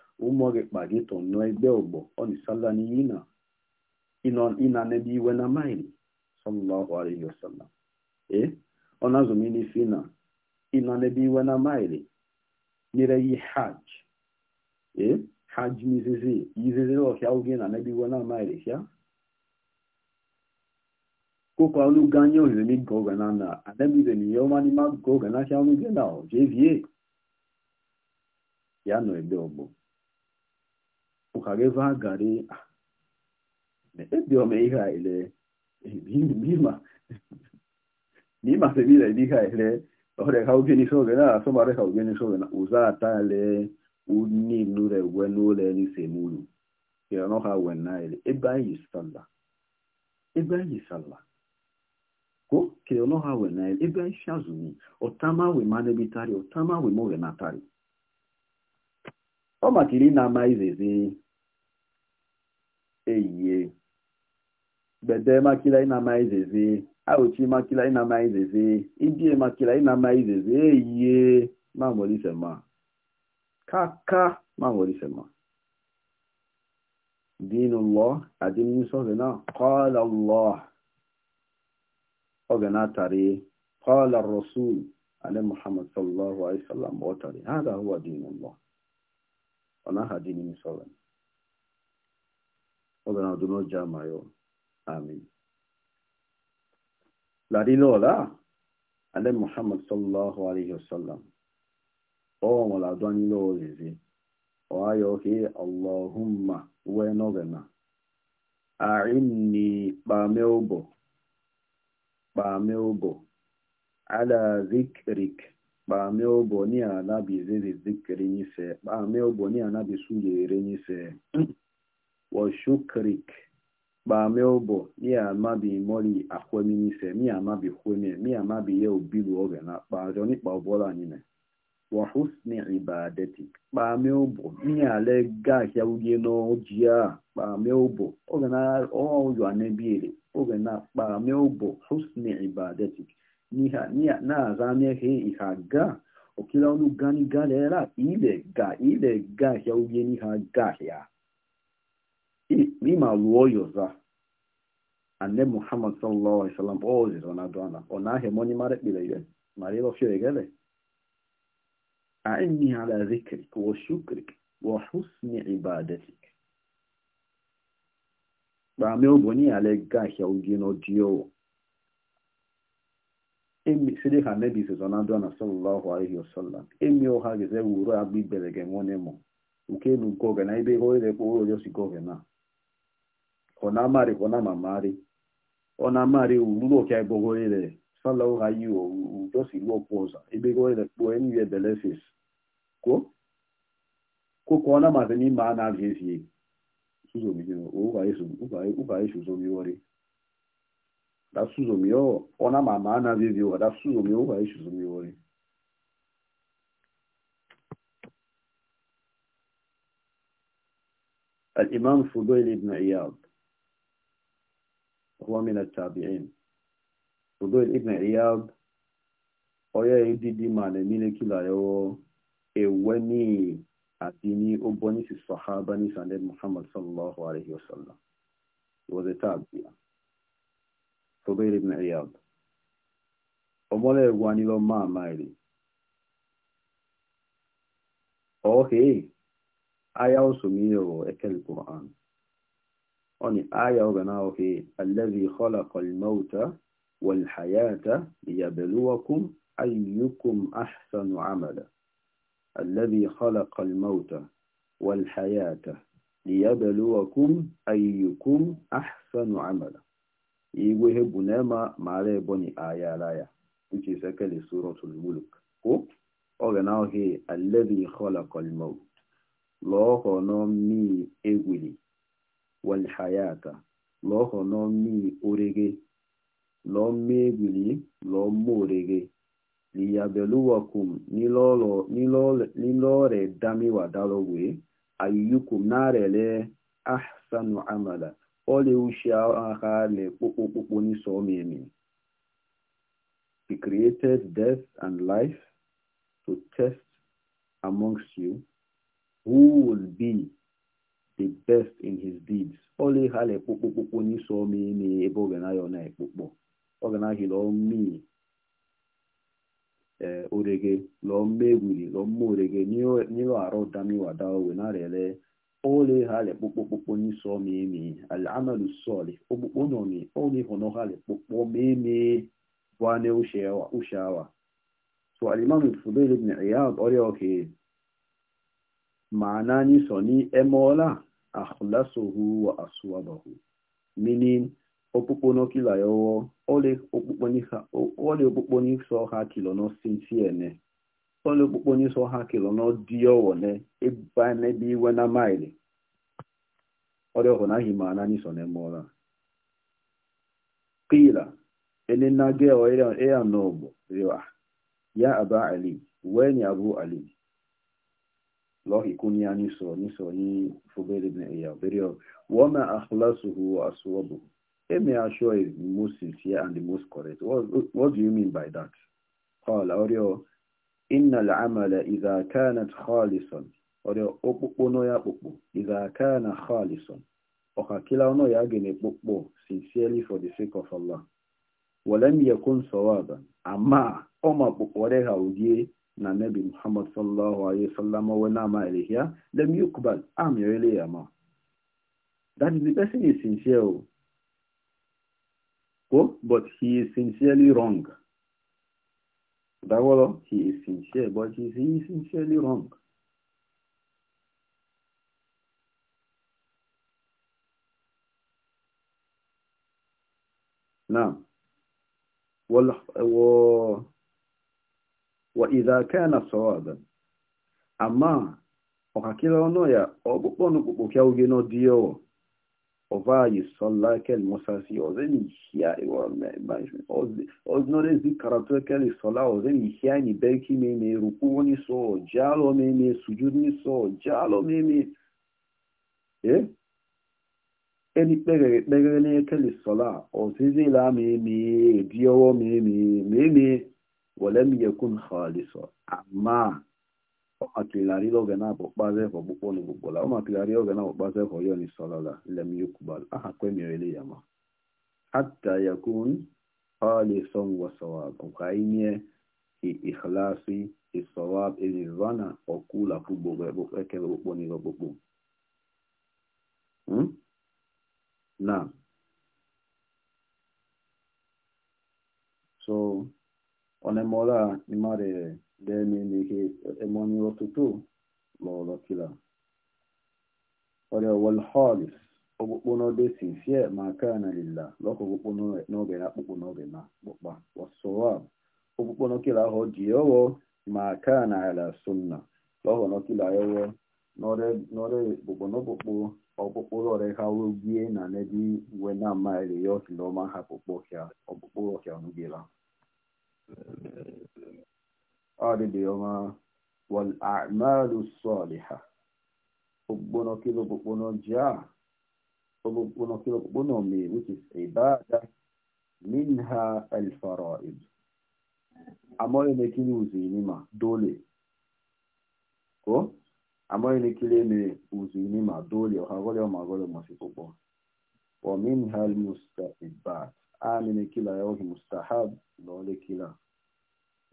gị kpagịtọ n'egbe ọgbọ ọnisala n'iyi na ịna n'ebe iwe na maịlị sallallahu alaihi wasallam ee ọ na-azụmini fi na ịna n'ebe iwe na maịlị nyere yi hajj ee hajj mizizi yiziziri ọhịa oge na n'ebe iwe na maịlị hịa. ya kókó alúgáyán ìrẹ̀mí gọ́gànà náà àdẹ́bìrẹ̀ nìyẹn wá ní má ọnụ gị na ọ jevie ya nọ ebe ọgbọ. ukareva gari ah, ebio eh, meiha ile eh, bima bima se bila diha ile ore hauge ni soge na so mare hauge ni soge na uzata le uni nure wenu le ni semulu ya no ha wena ile ebayi sala ebayi sala ko ke no ha wena ile ebayi shazuni otama we mane bitari otama we mo natari o makiri na maize Eyiye. gbede makila inama izeze auchi makila inama izeze makila inama izeze eyie mamolisema kaka mamolisema dinullah adinisa ogena qala allah ogena tari qala rasul على محمد صلى الله عليه وسلم وتعالى هذا هو ọgbẹ̀rún ọdún náà já mayọ àmì làdílọ́ọ̀lá alẹ́ muhammad sallallahu alayhi wa sallam ọwọ́ wọn làdọ́ nílò òrìrì ọ̀háyọ̀ kí allahumma wẹ́ nọ́gẹ̀nà àárín ní pàmẹ́ òbọ̀ pàmẹ́ òbọ̀ ala zikrik pàmẹ́ òbọ̀ ní ànábì zikri ní sẹ́ pàmẹ́ òbọ̀ ní ànábì súyèrè ní sẹ́ washukrik kpame ụbọ mia amabi mori akweminise mia amabi kwemie mia amabi ya obilu oge na kpajo n'ikpa ụbọla anyịme wahusni ibadeti kpame ụbọ mia ale gahia uye n'ojia kpame ụbọ oge na ọyọ anebiere oge na kpame ụbọ husni ibadeti na-aza n'ehe ihe ga okila ọnụ gani galera ile ga ile ga gahia uye n'ihe gahia mima luo yoza ane muhammad sallallahu alaihi wasallam o ziro na dona ona he moni mare bile ye mare lo fio egele a'inni ala dhikrik wa shukrik wa husni ibadatik ba me oboni ale ga hia ugino dio emi sede ha nebi ziro na dona sallallahu alaihi wasallam emi o ha geze wuro agbi belege mone mo ukenu goge na ibe go ile ko ro yo si goge ona mari ona mamari ona mari ululo ke gogo ile sala o gayi o do poza ibe ile po ye belefis ko ko ko ona ma ni suzo mi o ga yesu o ga zo mi da suzo mi ona ma ma na da suzo mi o ga zo mi الإمام فضيل بن عياض هو من التابعين فضيل ابن عياب ọyọ ìdídí màlẹ nílé kìlà ẹwọ ẹwẹ ní àti ní ó bọ ní sísọ ha bá ní sàlẹ muhammad sallallahu alayhi wa sallam ìwọlẹ tààbíà fọbẹrẹ ibn iyab ọmọlẹ ẹwà ni lọ máa máa rí ọkẹ ayáwó sọmí ẹwọ ẹkẹlẹ kùrán أني آية وغناه في الذي خلق الموت والحياة ليبلوكم أيكم أحسن عملا الذي خلق الموت والحياة ليبلوكم أيكم أحسن عملا يقول هبنما مالي بني آية لايا which is actually سورة الملك ko ogenaohe الذي خلق الموت lọ́ọ̀kọ̀ náà mí walhayata lọhọ n'ọmị orege lọmị egwili lọmọ orege liyabeluwakum n'ilọrẹ damiwa ayiyukum n'arẹlẹ ahsanu amala ọlẹ uche aha le kpokpokpokpo n'isọmiemi He created death and life to test amongst you who will be the best in his deeds ọla e, ha na-ekpokpokpokpo n'iso omimi ebe oge na e, ọ na-ekpokpo oge na-ahị lọmmi orege mme egwuri lọmma orege n'ịlọ arọ damiwada owe narịle ọla ha na ọla ịhụnọ ha na-ekpokpo meme awa so ọrịa anyị sọ akhlasuhu wa aswabahu meaning okpukpo n'okila ya ọwọ ole okpukpo n'iso ha kilo no sintiene ole okpukpo n'iso ha kilo no di ọwọ e ne eba n'ebe iwe na maili ọrịa ọhụ naghị ma na n'iso na emeọla kila ene na gị ọrịa ya ya aba ali wee nye abụ ali الله يكون يعني سو نسو ني فبير ابن إياه بريو وما أخلصه وأصوبه إمي أشوى is the most sincere what, do you mean by that قال أوريو إن العمل إذا كانت خالصا أوريو أقبو نويا أقبو إذا كان خالصا أخاكلا نويا أجن أقبو sincerely for the sake of Allah ولم يكن صوابا أما أما أقبو ريها وديه نبي na nabi muhammad sallallahu alaihi wasallam wa nama ilayhi lam yuqbal am ما that is the person is sincere oh but he is sincerely wrong dawolo he is sincere but he is, sincerely wrong نعم والح... و... وإذا كان صوابا أما وكاكيلا ونويا أبوبون بوكيا وجينو ديو أوفا يصلى كل مساسي أوزن يحيا أوزنوري زي كاراتو كل يصلى أوزن يحيا نبكي ميمي ركوع نسو جالو ميمي سجود نسو جالو ميمي إيه ẹni pẹ́rẹ̀rẹ̀ pẹ́rẹ́ ní kẹ́lì sọ́lá ọ̀sínsìn lámìí mi èdí ọwọ́ mi mi mi mi ولم يكن خالصا أما أما كلاري لو جنا بقبازه فبقول بقولا أما كلاري لو جنا بقبازه فيوني صلى الله لم يقبل أها كم يلي يما حتى يكون خالصا وصواب وكأني إخلاصي الصواب إن ظنا أقول أقول بقول كم بقولني بقول نعم so onemola imarere deni nihi emoni ọtụtụ lọrọ kila ọrịa walhalis n'obe ma aka na lila lọkụ ọkpụkpụ n'oge ya akpụkpụ n'oge na kpụkpa wasowa ọkpụkpụ n'okila ahụ ji ma aka na ala sunna n'okila ewe n'ọrịa ọkpụkpụ ọrịa ha wogwie na n'edi uwe na amaghị yọ kilọma ha ọkpụkpụ ọ̀rẹ́dì ọmọ wàlàmàlù sọ̀lìhà ògbónà kí ló gbónà jà ògbónà kí ló gbónà mi which is ìbáàdà minha alfara'id àmọ́ ilé kí ni ùzì nímà dólè kó àmọ́ ilé kí lè mi ùzì nímà dólè ọ̀hagọ́lẹ̀ ọmọ amene kila yaohi mustahab lole kila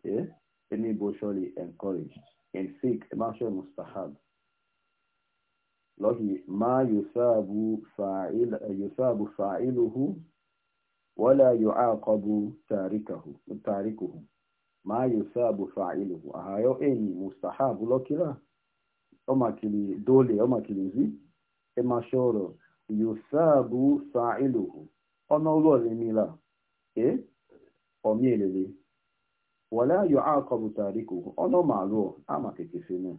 eh any bo surely encouraged and seek masha mustahab lohi ma yusabu fa'il yusabu fa'iluhu wala yu'aqabu tarikahu tarikuhu ma yusabu fa'iluhu ahayo eni mustahabu lokila omakili dole omakilizi emashoro yusabu fa'iluhu ọnụọlụ ọzemila e omielele wala yo akọbụtariko ọnụmalụ amakekefene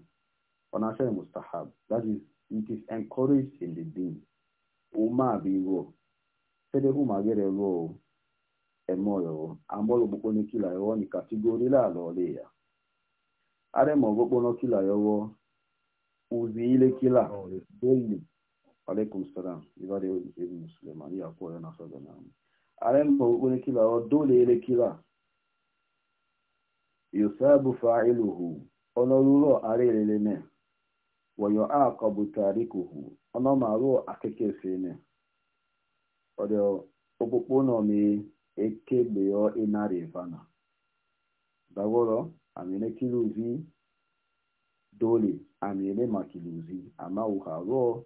ọnasel mustahab that is it is encouraged in the deen umabiwo sedebu magere loo emoyo ambolo gbokpono kila yowo ni katigori laalole ya aremo gbokpono kila yowo uzi ile kila daily alaikum salam ibada ibn suleiman ya kuwa yana sa da namu aren ba wani kila wa dole ya kila yusabu fa'iluhu onolulo arelele ne wa yu'aqabu tarikuhu ona maru akeke fene odo opopo no mi ekebe o inare fana dagoro amine kiluzi dole amine makiluzi ama uharuo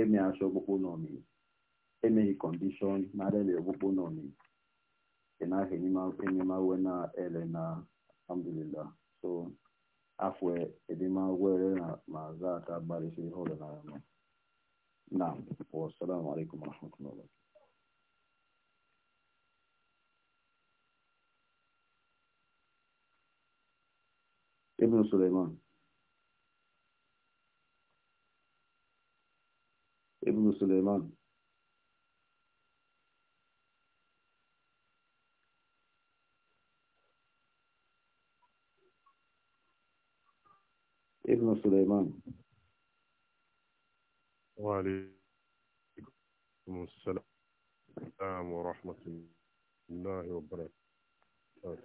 eme achọ ọkpụkpụ n'ọmị emeghị kọndishọn narele ọkpụkpụ n'ọmị ịnaghị enyemawe na ele na alhamdulillah so afọ edemawere na maza aka gbarịsị ihe ọrụ na ya na wasalamu alaikum rahmatullah ابن سليمان ابن سليمان ابن سليمان وعليكم السلام ورحمة الله وبركاته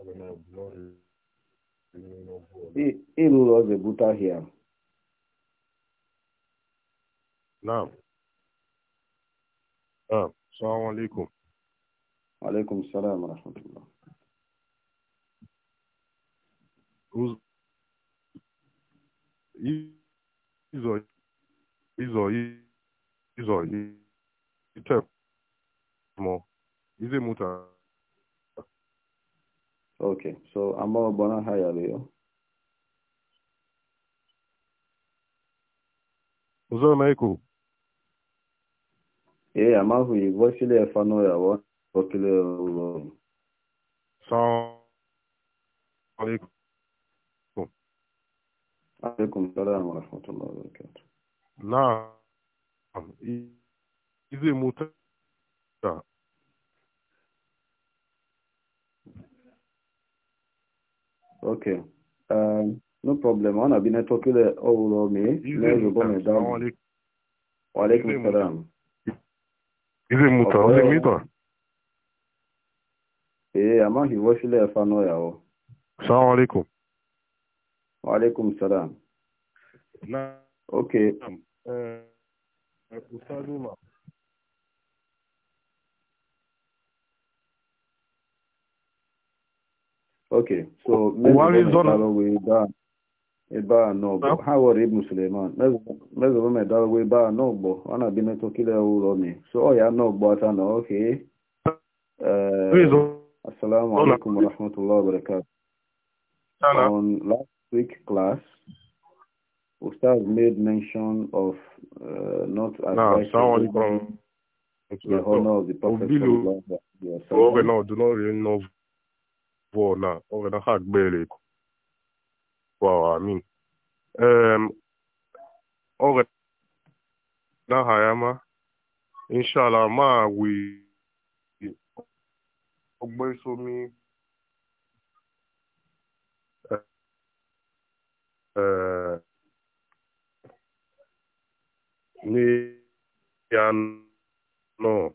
أبناء الله ịlụrụ ọzọ ebute ahịa naam naam salaam alaikum alaikum salam rahmatullah izọ izọ izọ itep mọ ize mutara Okay, so ambao bwana haya leo uzo naiku eh amahu ivosile efano yawo okile ulo so alaikum alaikum salam wa rahmatullahi wa barakatuh na izi muta Okay. Um, no problem. Ana bi network ile ọwụrụ mi n'ezo bọmị dam. Wa alaikum salam. Ize muta, ọ mita? Ee, eh, amaghị wosile efa n'ọya ọ. Salamu alaikum. Wa alaikum salam. Na. Okay. Uh, uh, Okay, so ebe a n'ọgbọ ha ghọrọ ibu suleman mezọbom edalụgwa ebe a n'ọgbọ ọ na-abịa metụkile ụlọ mi so ọ ya n'ọgbọ ata na oke assalamu alaikum warahmatullahi wabarakatuh on last week class ustaz made mention of uh, not advising the honor of the prophet sallallahu alaihi wasallam ha oraha gbeliku wow amin um ore na hayama inshallah ma we ogbe so mi eh, eh ni yan no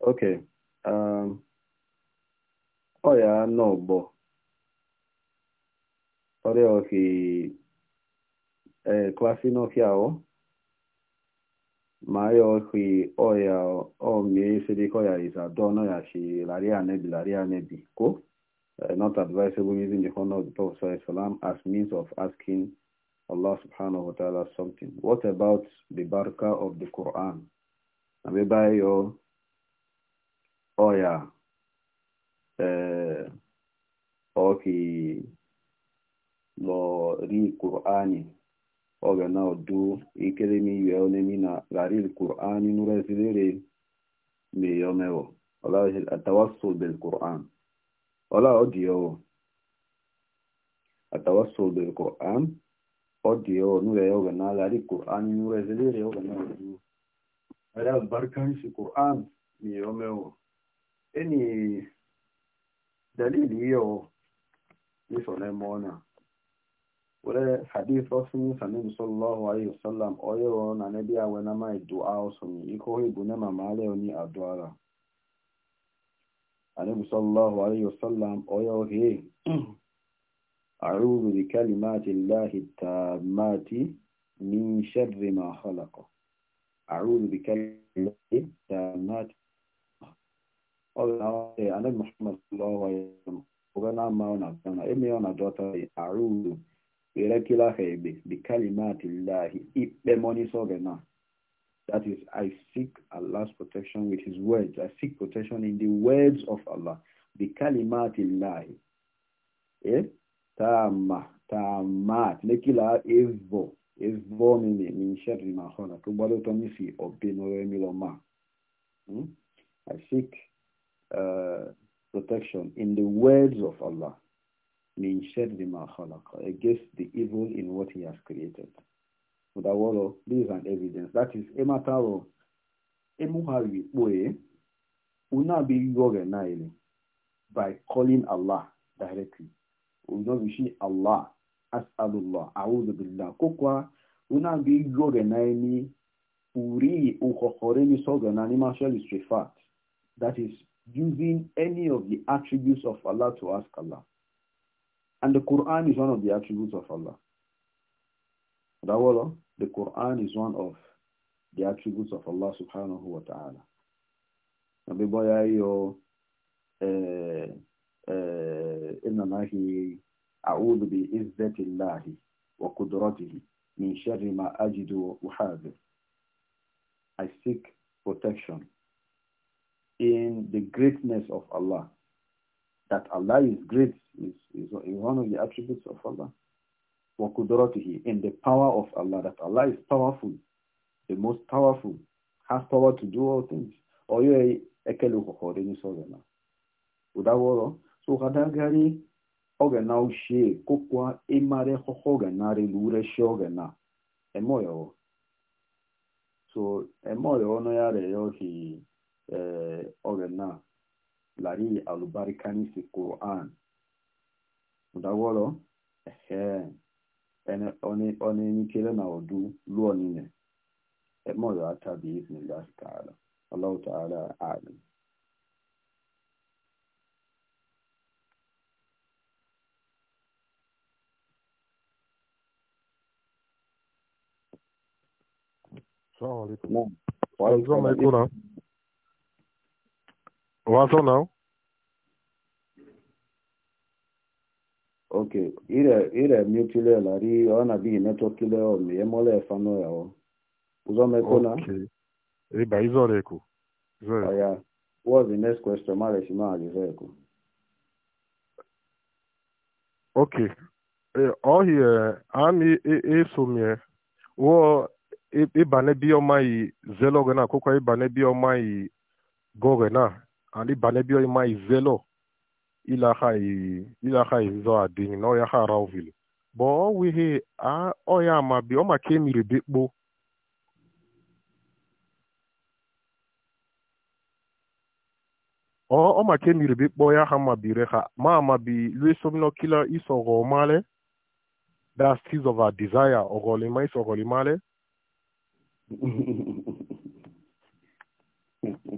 Okay. Um, ọ ya anọ ụgbọ ọrịa ohi ee klasi n'ọhịa ọ ma ya ohi ọya ọmie siri ọya iza dọnọ ya shi lari anebi lari anebi ko Uh, not advisable using the honor of the Prophet Sallallahu as means of asking Allah subhanahu wa ta'ala something. What about the barakah of the Quran? Abibayo ọya ee ọki lọ ri qur'ani oge na odu ikeremi iwe onemi na laril qur'ani nura zilere me yomewo ola atawassul bil qur'an ola odiyo atawassul bil qur'an odiyo nura yoga na laril qur'ani nura zilere oge na odu ala barkan shi qur'an me yomewo eni dalili yo nisone mona wale hadith osun sanin sallallahu alaihi wasallam oyo na nabi awe na mai du'a osun iko ibu na mamale oni adwara anabi sallallahu alaihi wasallam oyo he أعوذ بكلمات الله التامات من شر ما خلق أعوذ بكلمات التامات ọlọ́wọ́ alẹ́ muhammed lọ́wọ́ ẹ̀ ọ̀gá náà máa ọ̀nà àtọ́nà ẹ̀mí ọ̀nà dọ́tà ẹ̀ àrùrù ìrẹ́kílà ẹ̀gbẹ̀ bí kálímà àti ìpẹ́ mọ́ní náà. That is, I seek Allah's protection with His words. I seek protection in the words of Allah. Bikalimati Allahi. Eh? Tama. Tamat. Lekila evo. Evo mini. Min sherri ma khona. Tubalo tomisi. Obbe no remi lo ma. I seek Uh, protection in the words of Allah. Min sharri ma khalaqa, against the evil in what he has created. Mudawolo, this is an evidence. That is, emataro, emuhari oye, unabi yore naili, by calling Allah directly. Unabishi Allah, as as'alullah, a'udhu billah, kokwa, unabi yore naili, uri ukokoreni soga na ni mashal that is using any of the attributes of Allah to ask Allah. And the Quran is one of the attributes of Allah. Dawala, the Quran is one of the attributes of Allah subhanahu wa ta'ala. Nabi Boya yo eh, eh, inna nahi a'udhu bi izzati Allahi wa qudratihi min sharri ma ajidu wa I seek protection in the greatness of Allah. That Allah is great is, is one of the attributes of Allah. Wakudratihi, in the power of Allah, that Allah is powerful, the most powerful, has power to do all things. Oyo ekelu kokore ni sogena. Udaworo, so kadagari ogena she kokwa emare kokogena re lure shogena. Emoyo. So emoyo no yare yo he ọghena eh, lari alubarikani quran dawolo onyenyikere na ọdụ na niile emoyo atabi iznillah taala allah taala alim السلام عليكم وعليكم Razonau? Ok, ire ire mutile la ri ona bi neto kile o mi emole e fano ya o. Uzo me kona. Ok, Riba izo reku. Zero. Oh, yeah. What's the next question? Male shima alizeku. Okay. Eh ohi e, ami e, esumie. Wo ibane bi omayi zelogena kokwa ibane bi omayi gogena. alibalebio ima izelo ilaha i ilaha izo adini na oya ha rauvili bo owihi a o ma oya amabi ọma ka emiri bikpo ọ ọma ka emiri bikpo ya ha mabire ha ma amabi luesomnokila isogo male that's his of our desire ogolima isogolimale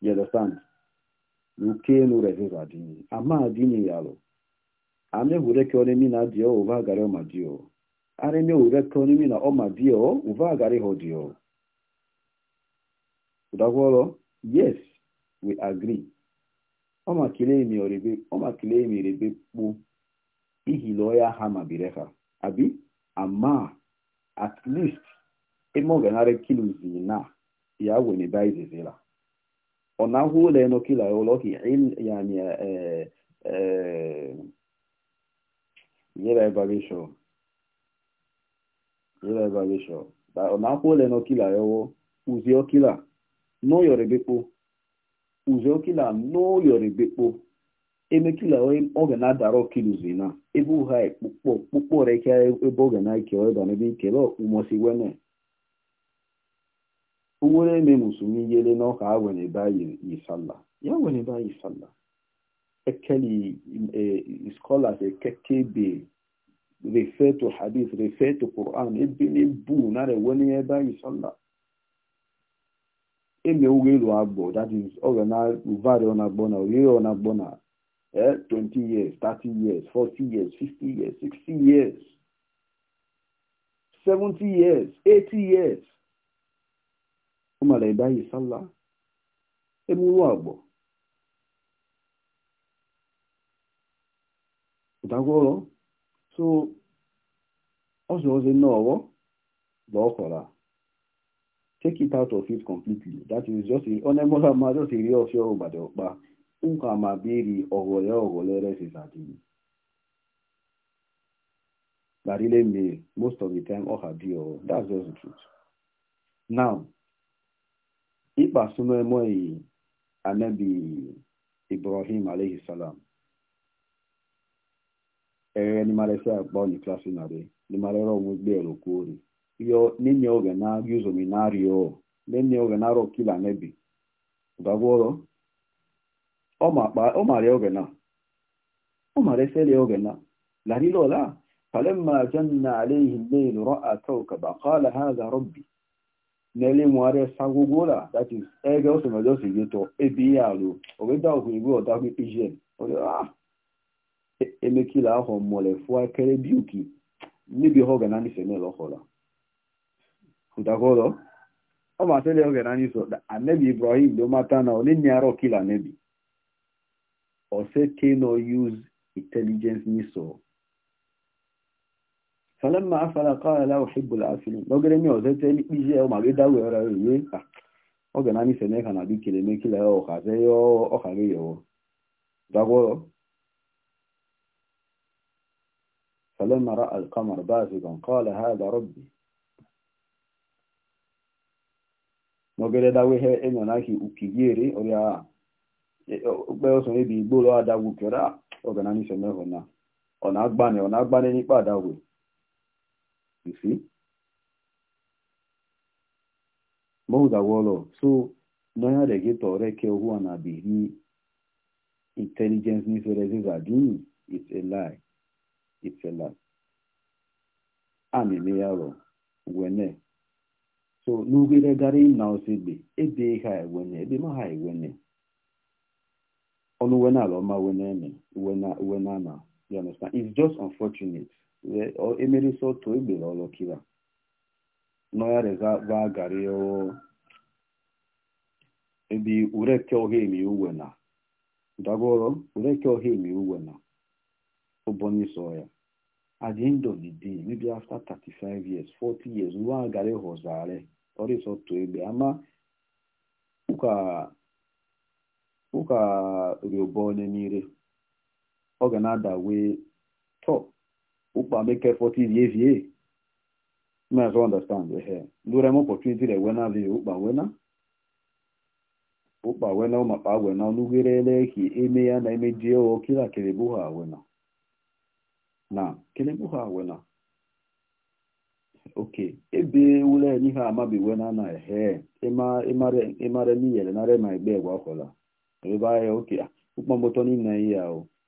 You understand? Lukenu reviva dini. Ama adini yalo. Ame hureke one mina dio uva agare oma dio. Are me hureke one mina oma dio uva dị ho dio. Udakwolo? Yes, we agree. Oma kile imi oribe, oma kile imi rebe pu. Ihi loya hama bireha. Abi? Ama. At least. Emo ganare kilu na Ya wene bai e zezela. Ọ na-akwụ ụlọ oloki il yani eh eh yeba bagisho yeba bagisho ba ona hule no kila yo uzio na-adara ọkiluzi na ebe ụha kpụkpọ e, kpụkpọ rekia ebe oge na-eke ọrịba e n'ebe ikele umure eme musulmi yele na ka awene bayi yi ya wene bayi sallah ekeli e, scholars ekekebe refer to hadith refer to quran ebini bu na re wene ya bayi sallah eme uge ilu agbo that is oge na uvari ọ na-agbo na orire ọ na-agbo 20 e, years 30 years 40 years 50 years 60 years 70 years 80 years ụmara ebeanyị sala emume ọgbọ dagworo so ọzọ ozi n'ọwọ na ọkwara take it out of it completely that is just onye mụra mma just iri ofi ọgbada ọkpa nka ma biri ọghọrọ ọghọrọ eresizadini that really mean most of the time ọha bi ọrụ that's just the truth now ịkpasume emoghị anabi ibrahim alayhisalam ee nimaresi agbọ ni klasi narị nimarere onwe gbeelu kwori yo ninye oge na yuzomi nario n'ime oge na aro kila nebi dagworo ọ mara oge na ọ mara eseli oge na larilola falemma janna alayhi lleyl ra'a kawkaba qala hadha rabbi n'ele nwere sagogora that is ege o sọmọdé ọsẹ yẹtọ ebi ihe alụ ọgbẹdà ọhụrụ igwe ọdagbu egypt ah! emekila e ahụ mọlẹ fụa kere biuki níbi ihe ọgana n'ife n'ele ọhụrụ ụdagọrọ ọ ma sịrị ọgana n'ife anabi ibrahim ló mata na ọ nínú arọ kila nebi ọsẹ keno use intelligence n'iso felma fala k bula f n'og eye z etel ikpe i ah ma g da we ra iwe ogai eme na di kilemkili aa ahụ hazi he ka gị ya fa ko ha garụ naogere dawe he yaghị gre okpe d gbol adawu kgfe ọ na agbale na ikpe You see? Mahudawolo. So, Noya Regeto Reke Huanabihi intelligence misrepresents our dream. It's a lie. It's a lie. ya meyaro. Wene. So, nugire gari na osibi. Ebe ha wene. Ebe ma ha wene. Onu wena lo ma wene ne. Wena, na. You understand? It's just unfortunate. emerisi otu egbere ọlọkịra noyarezava gari ebi ureke ohemi uwena dagoro ureke ohemi uwena obonyi soya at the end of dị day maybe after 35 years 40 years nwa agari hozare ọrịsọ otu egbe ama ụka ụka onye n'ire ọ ga na-adawe top ukpa meke 40 years ye may as well understand ehe eh. lure mo opportunity le wena le ukpa wena ukpa wena uma pa wena olugere le ki eme ya na eme je o kila kelebu ha wena na kelebu ha wena okay ebe wule ni ha amabi wena na ehe ema ema emare emare ni yele na re ma igbe egwa ebe ba ya okay ukpa moto ni na iya o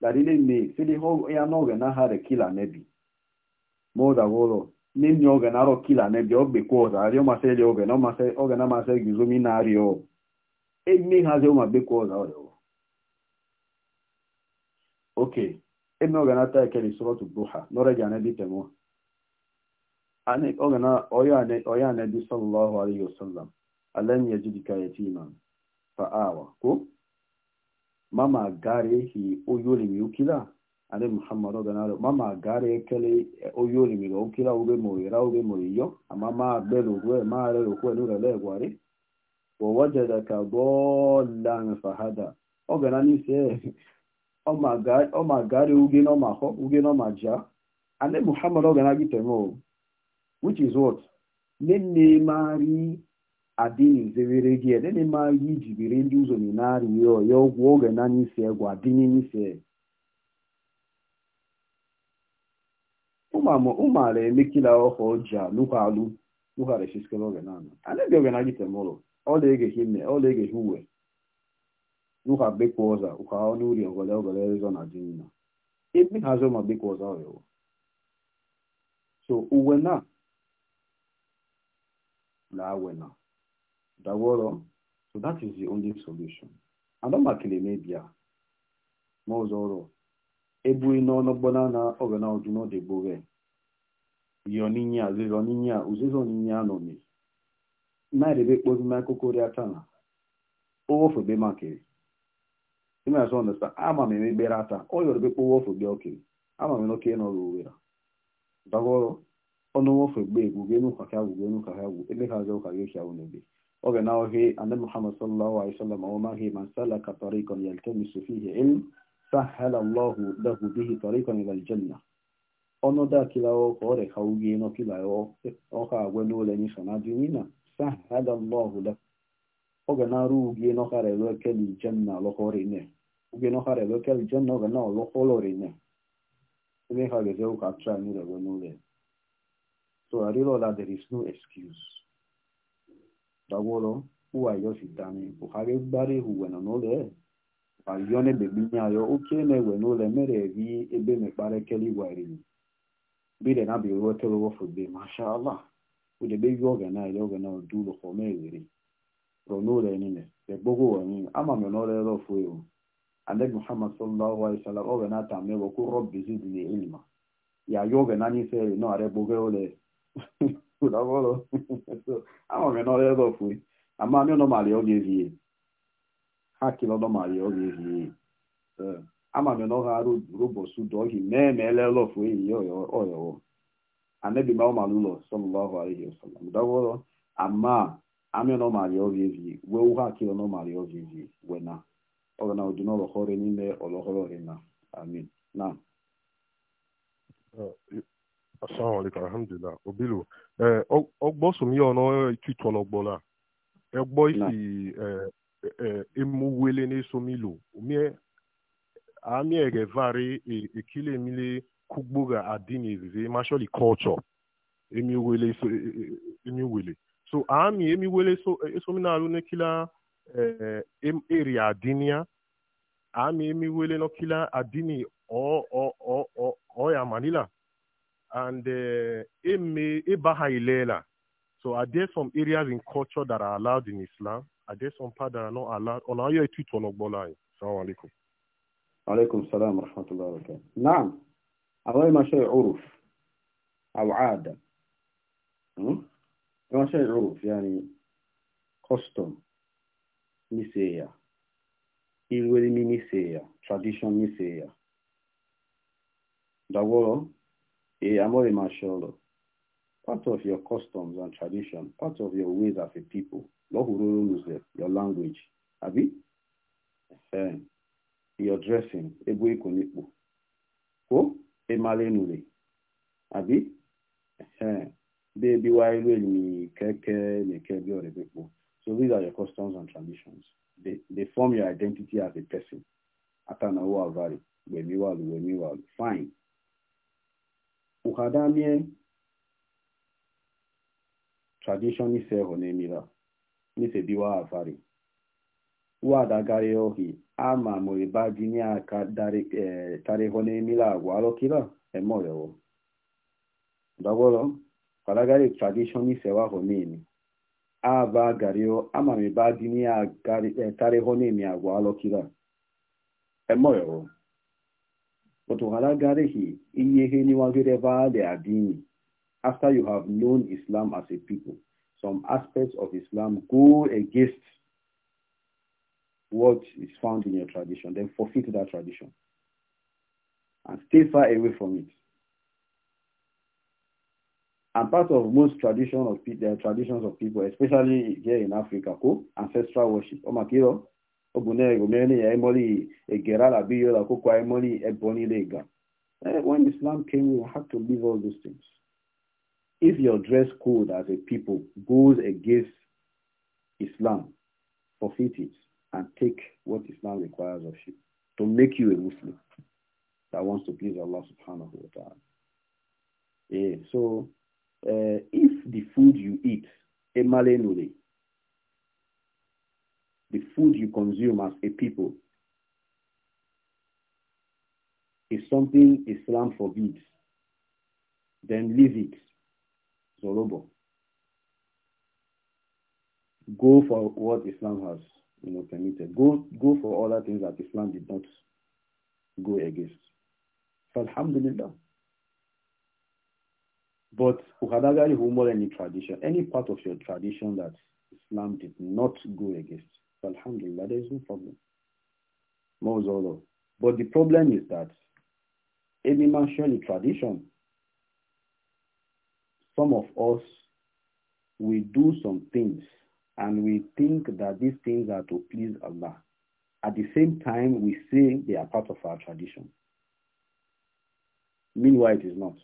darile me sili ho ya no ga na hare kila nebi mo da wolo ni nyo ga na ro kila nebi ogbe oh, ko za ari o ma se le oge no ma se oge na ma se gizo mi na ari o e mi ha ze o ma be ko za o okay e mi oge na ta ke li suratu duha no re ga nebi temo ani oge oh, na oya oh, ne oya nebi sallallahu alaihi wasallam alam yajidika yatiman fa'awa ko mama gari hi oyolimi ukila ale muhammad oganalo mama gari kele oyolimi ga ukila ube moyera ube moyiyo ama ma belo gwe ma ale lokwe nura le gwari wa wajadaka dollan fahada ogana ni se o ma gare o ma gari uge no ma ho uge no ma ja ale muhammad ogana gitemo which is what nene mari adini zewere gi edene ma yi jibiri ndị ụzọ minari ya ọgwụ oge na n'isi egwu adini n'isi umamo umara emekila ọhọ ja luhalu luhara shiskele oge Na anabi oge na gite mụrụ ọla egehi mme ọla egehi uwe luha bekwa ọza ụka ọnụ uri ogole ogole ezo na dinna ebe ha zoma bekwa ọza ọyọwọ so uwe na na awe na daworo um, so that is the only solution adamakili um, mebia ma ọzọ ọrụ ebughi n'ọnụgbọna na ọgana ọdụ n'ọdịgboghe yọninye a ninye a uzizo ninye a na-erebe kpozima akụkọri atana owofebe makiri ime azọ ama m emegbere ata ọ yọrọbe kpowofebe okiri ama m n'oke nọrọ owera dagoro ọnụ wofegbe um, egwugenu kaka egwugenu kaka egwu ha ụka gị hịa nebe oge na ohe ande muhammad sallallahu alaihi wasallam o oh mahi man salaka tariqan yaltamisu fihi ilm sahala allah lahu bihi tariqan ila aljanna ono da kila o ko re khawgi no kila o o ka gwe no le ni sona dinina sahala allah lahu oge na ru ugi no ka re lo ke li janna lo ko re ne ugi no ka re lo ke li janna oge na lo ko lo re ne ugi ha ge ze u ka tra ni re gwe no le so arilo that there is no excuse dawolo uwa yosi dami buhari gbari huwena n'ụlọ palion ebebinye ayo oke na-ewe n'ụlọ mere evi ebe mekpara ekele igwariri bide na bi ruo toro wofude masha allah udebe yi na ile na n'ụlọ enine egbogo wani ama mi n'ụlọ ande muhammad sallallahu alaihi wasallam na ata mewo ku robbi zidni ilma ya na nise no are boge ole food avolo so ama me no le do ama oge vie ha ki no oge vie so ama me no ha ro robo su do hi ọrụ me le lo fui yo o anabi ma ama oge vie we u ha ki oge vie we na na o du no lo na na assalamu alaikum alhamdulilah obilo eh, ọgbọ sumi ọna ititọlọ gbọla ẹgbọ e isi eh, eh, emuwele ne somi lo omie ami ẹgẹ vari e, ekele mi le kugboga adini ezizi masoli culture emiwele so e, emiwele so ami emiwele so esomi na alu ne kila eri adinia ami emiwele no kila adini ọ ọ ọ ọ ọ ya manila. and uh, Ibaha Ilela. So are there some areas in culture that are allowed in Islam? Are there some parts that are not allowed? On are you a on Ogbola? Assalamu alaikum. عليكم السلام ورحمة الله وبركاته نعم أول شيء عرف أو عادة ما custom نسية إلوالي niseya? tradition niseya دعوة Hey, eh, Mashallah, part of your customs and tradition, part of your ways as a people, your language, Abi, your dressing, Ebu Ikonipu, Ko, Emalenule, Abi, Baby Wailwe, ni Keke, ni Kebi, or Ebepo. So these are your customs and traditions. They, they form your identity as a person. Atanawa Vari, Wemiwalu, Wemiwalu. Fine. ukadamie tradition niseho nemira nisebiwa afari adagari ohi ama muribaji ni aka dari eh, tareho nemira agwalo kila emoyowo dagoro kadagari tradition nisewa nemi aba gario ama mibaji ni agari eh, nemi agwalo kila e But after you have known Islam as a people, some aspects of Islam go against what is found in your tradition, then forfeit that tradition and stay far away from it. And part of most tradition of the traditions of people, especially here in Africa, ancestral worship. Omakiro, ogune gomeni emoli egerala biyola kokwa emoli eboni lega when islam came we had to leave all those things if your dress code as a people goes against islam forfeit it and take what islam requires of you to make you a muslim that wants to please allah subhanahu wa ta'ala yeah, so uh, if the food you eat emale emalenu the food you consume as a people is something Islam forbids, then leave it. Zorobo. Go for what Islam has you know, permitted. Go, go for other things that Islam did not go against. Alhamdulillah. But Uhadagari Humor any tradition, any part of your tradition that Islam did not go against, so alhamdulillah, there is no problem. Mozolo. But the problem is that any mention tradition, some of us, we do some things and we think that these things are to please Allah. At the same time, we say they are part of our tradition. Meanwhile, it is not.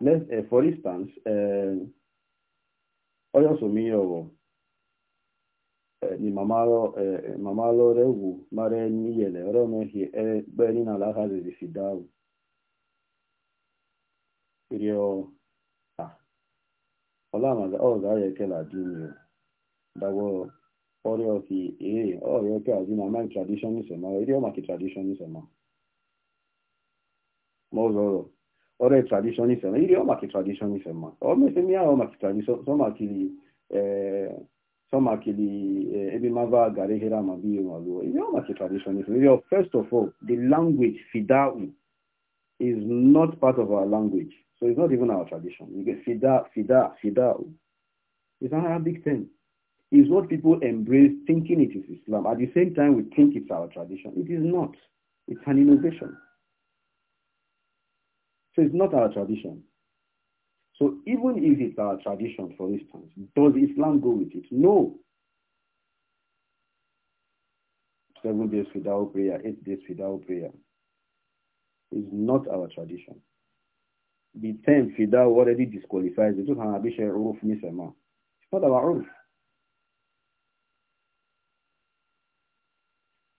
Let's, uh, for instance, uh, onye somihe ọghọ mamalore ugwu mara niyele ọrọmehie gberi na ala haziri fidau rio a ọlamaga ọga ya ekela dinio dawo ọrịa ọhi o ọrịa ọke azi na amaghị tradishọn isema rio maka tradishọn isema ma ụzọ ọrọ ọrẹ tradition ife na iri ọmaki tradition ife ma ọmesemi ya ọmaki tradition sọmakili sọmakili ebe mava gara ihere ama bi ihe maluo iri ọmaki tradition ife iri first of all the language fidau is not part of our language so it's not even our tradition you get fida fida fidau it's an arabic term is what people embrace thinking it is islam at the same time we think it's our tradition it is not it's an innovation so it's not our tradition. So even if it's our tradition, for instance, does Islam go with it? No. Seven days without prayer, eight days without prayer It's not our tradition. The term fida already disqualifies it. It's not our roof.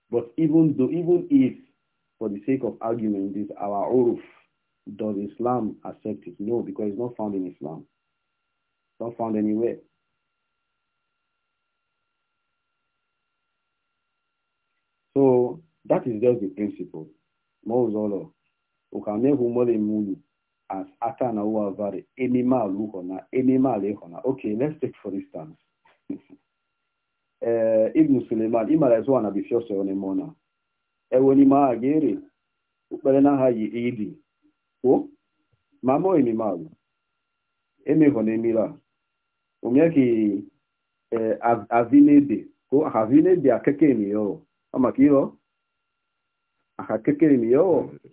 But even though, even if, for the sake of argument, it is our urf, does Islam accept it? No, because it's not found in Islam. It's not found anywhere. So that is just the principle. Mauzolo, ukanehu mole mulu as ata na uavare, enima luhona, enima lehona. Okay, let's take for instance. uh, Ibn Suleiman, imara zuwa na bifiose one mona. Ewe ni maagiri, ukpele na ha yi idi. o mamo imimalo emehona emila omyaki eh, avinede ko avinede akeke emiyo amakiro akakeke emiyo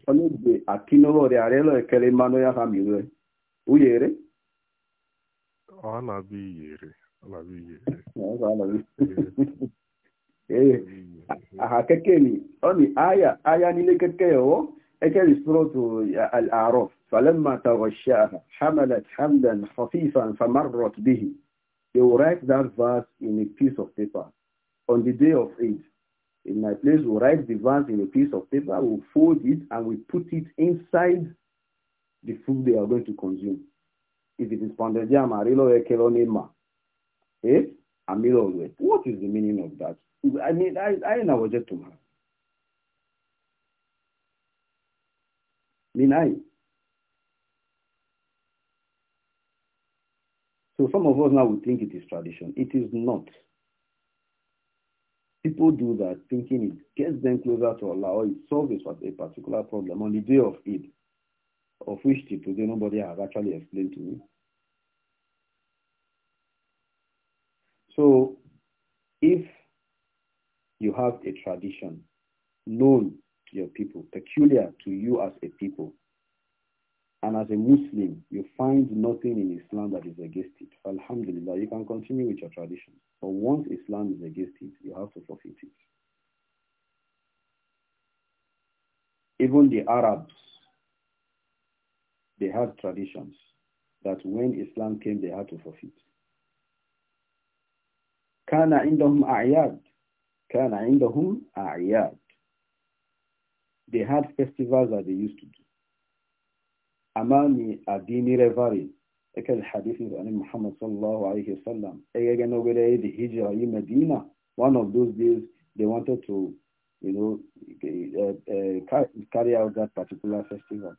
onede akinolore arelo ekele mano ya hamilwe uyere ọ na ọ na-abịa iyere ee ahakeke ni ọ ni aya aya n'ile ẹkẹ́rì sọ́rọ̀tù al-A'raf falamma taghashaha hamalat hamdan khafifan famarrat bihi they will write that verse in a piece of paper on the day of Eid in my place we we'll write the verse in a piece of paper we we'll fold it and we we'll put it inside the food they are going to consume if it is pounded yam arilo ekelo nema eh amilo eh? what is the meaning of that i mean i i na wajetumara Minai. So some of us now would think it is tradition. It is not. People do that thinking it gets them closer to Allah or it solves a particular problem on the day of Eid, of which today nobody has actually explained to me. So if you have a tradition known your people, peculiar to you as a people. And as a Muslim, you find nothing in Islam that is against it. Alhamdulillah, you can continue with your tradition. But once Islam is against it, you have to forfeit it. Even the Arabs, they had traditions that when Islam came, they had to forfeit. كان عندهم أعياد كان عندهم أعياد they had festivals that they used to do. Amani adini revari. Eke hadith is on Muhammad sallallahu alayhi wa sallam. Ege no wele the hijra in Medina. One of those days they wanted to, you know, uh, uh, carry out that particular festival.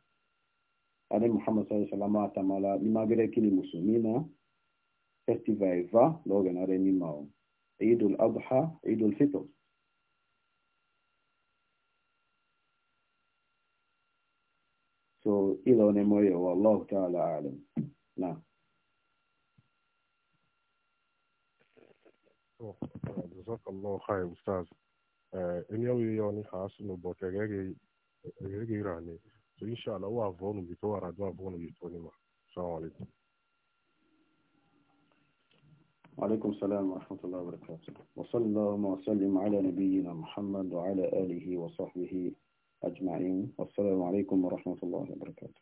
Ane Muhammad sallallahu alayhi wa sallam atamala imagere kili musumina festival eva loge na remimao. Eid al-Adha, Eid al-Fitr. so ilo ne moyo wallahu ta'ala alam na jazakallahu khair ustaz eni awi yo ni khasu no bo kegege kegege rani so inshallah wa vonu bi to ara do vonu bi to ni ma assalamu alaikum وعليكم السلام ورحمة الله وبركاته وصلى اللهم وسلم على نبينا محمد وعلى آله وصحبه أجمعين والسلام عليكم ورحمة الله وبركاته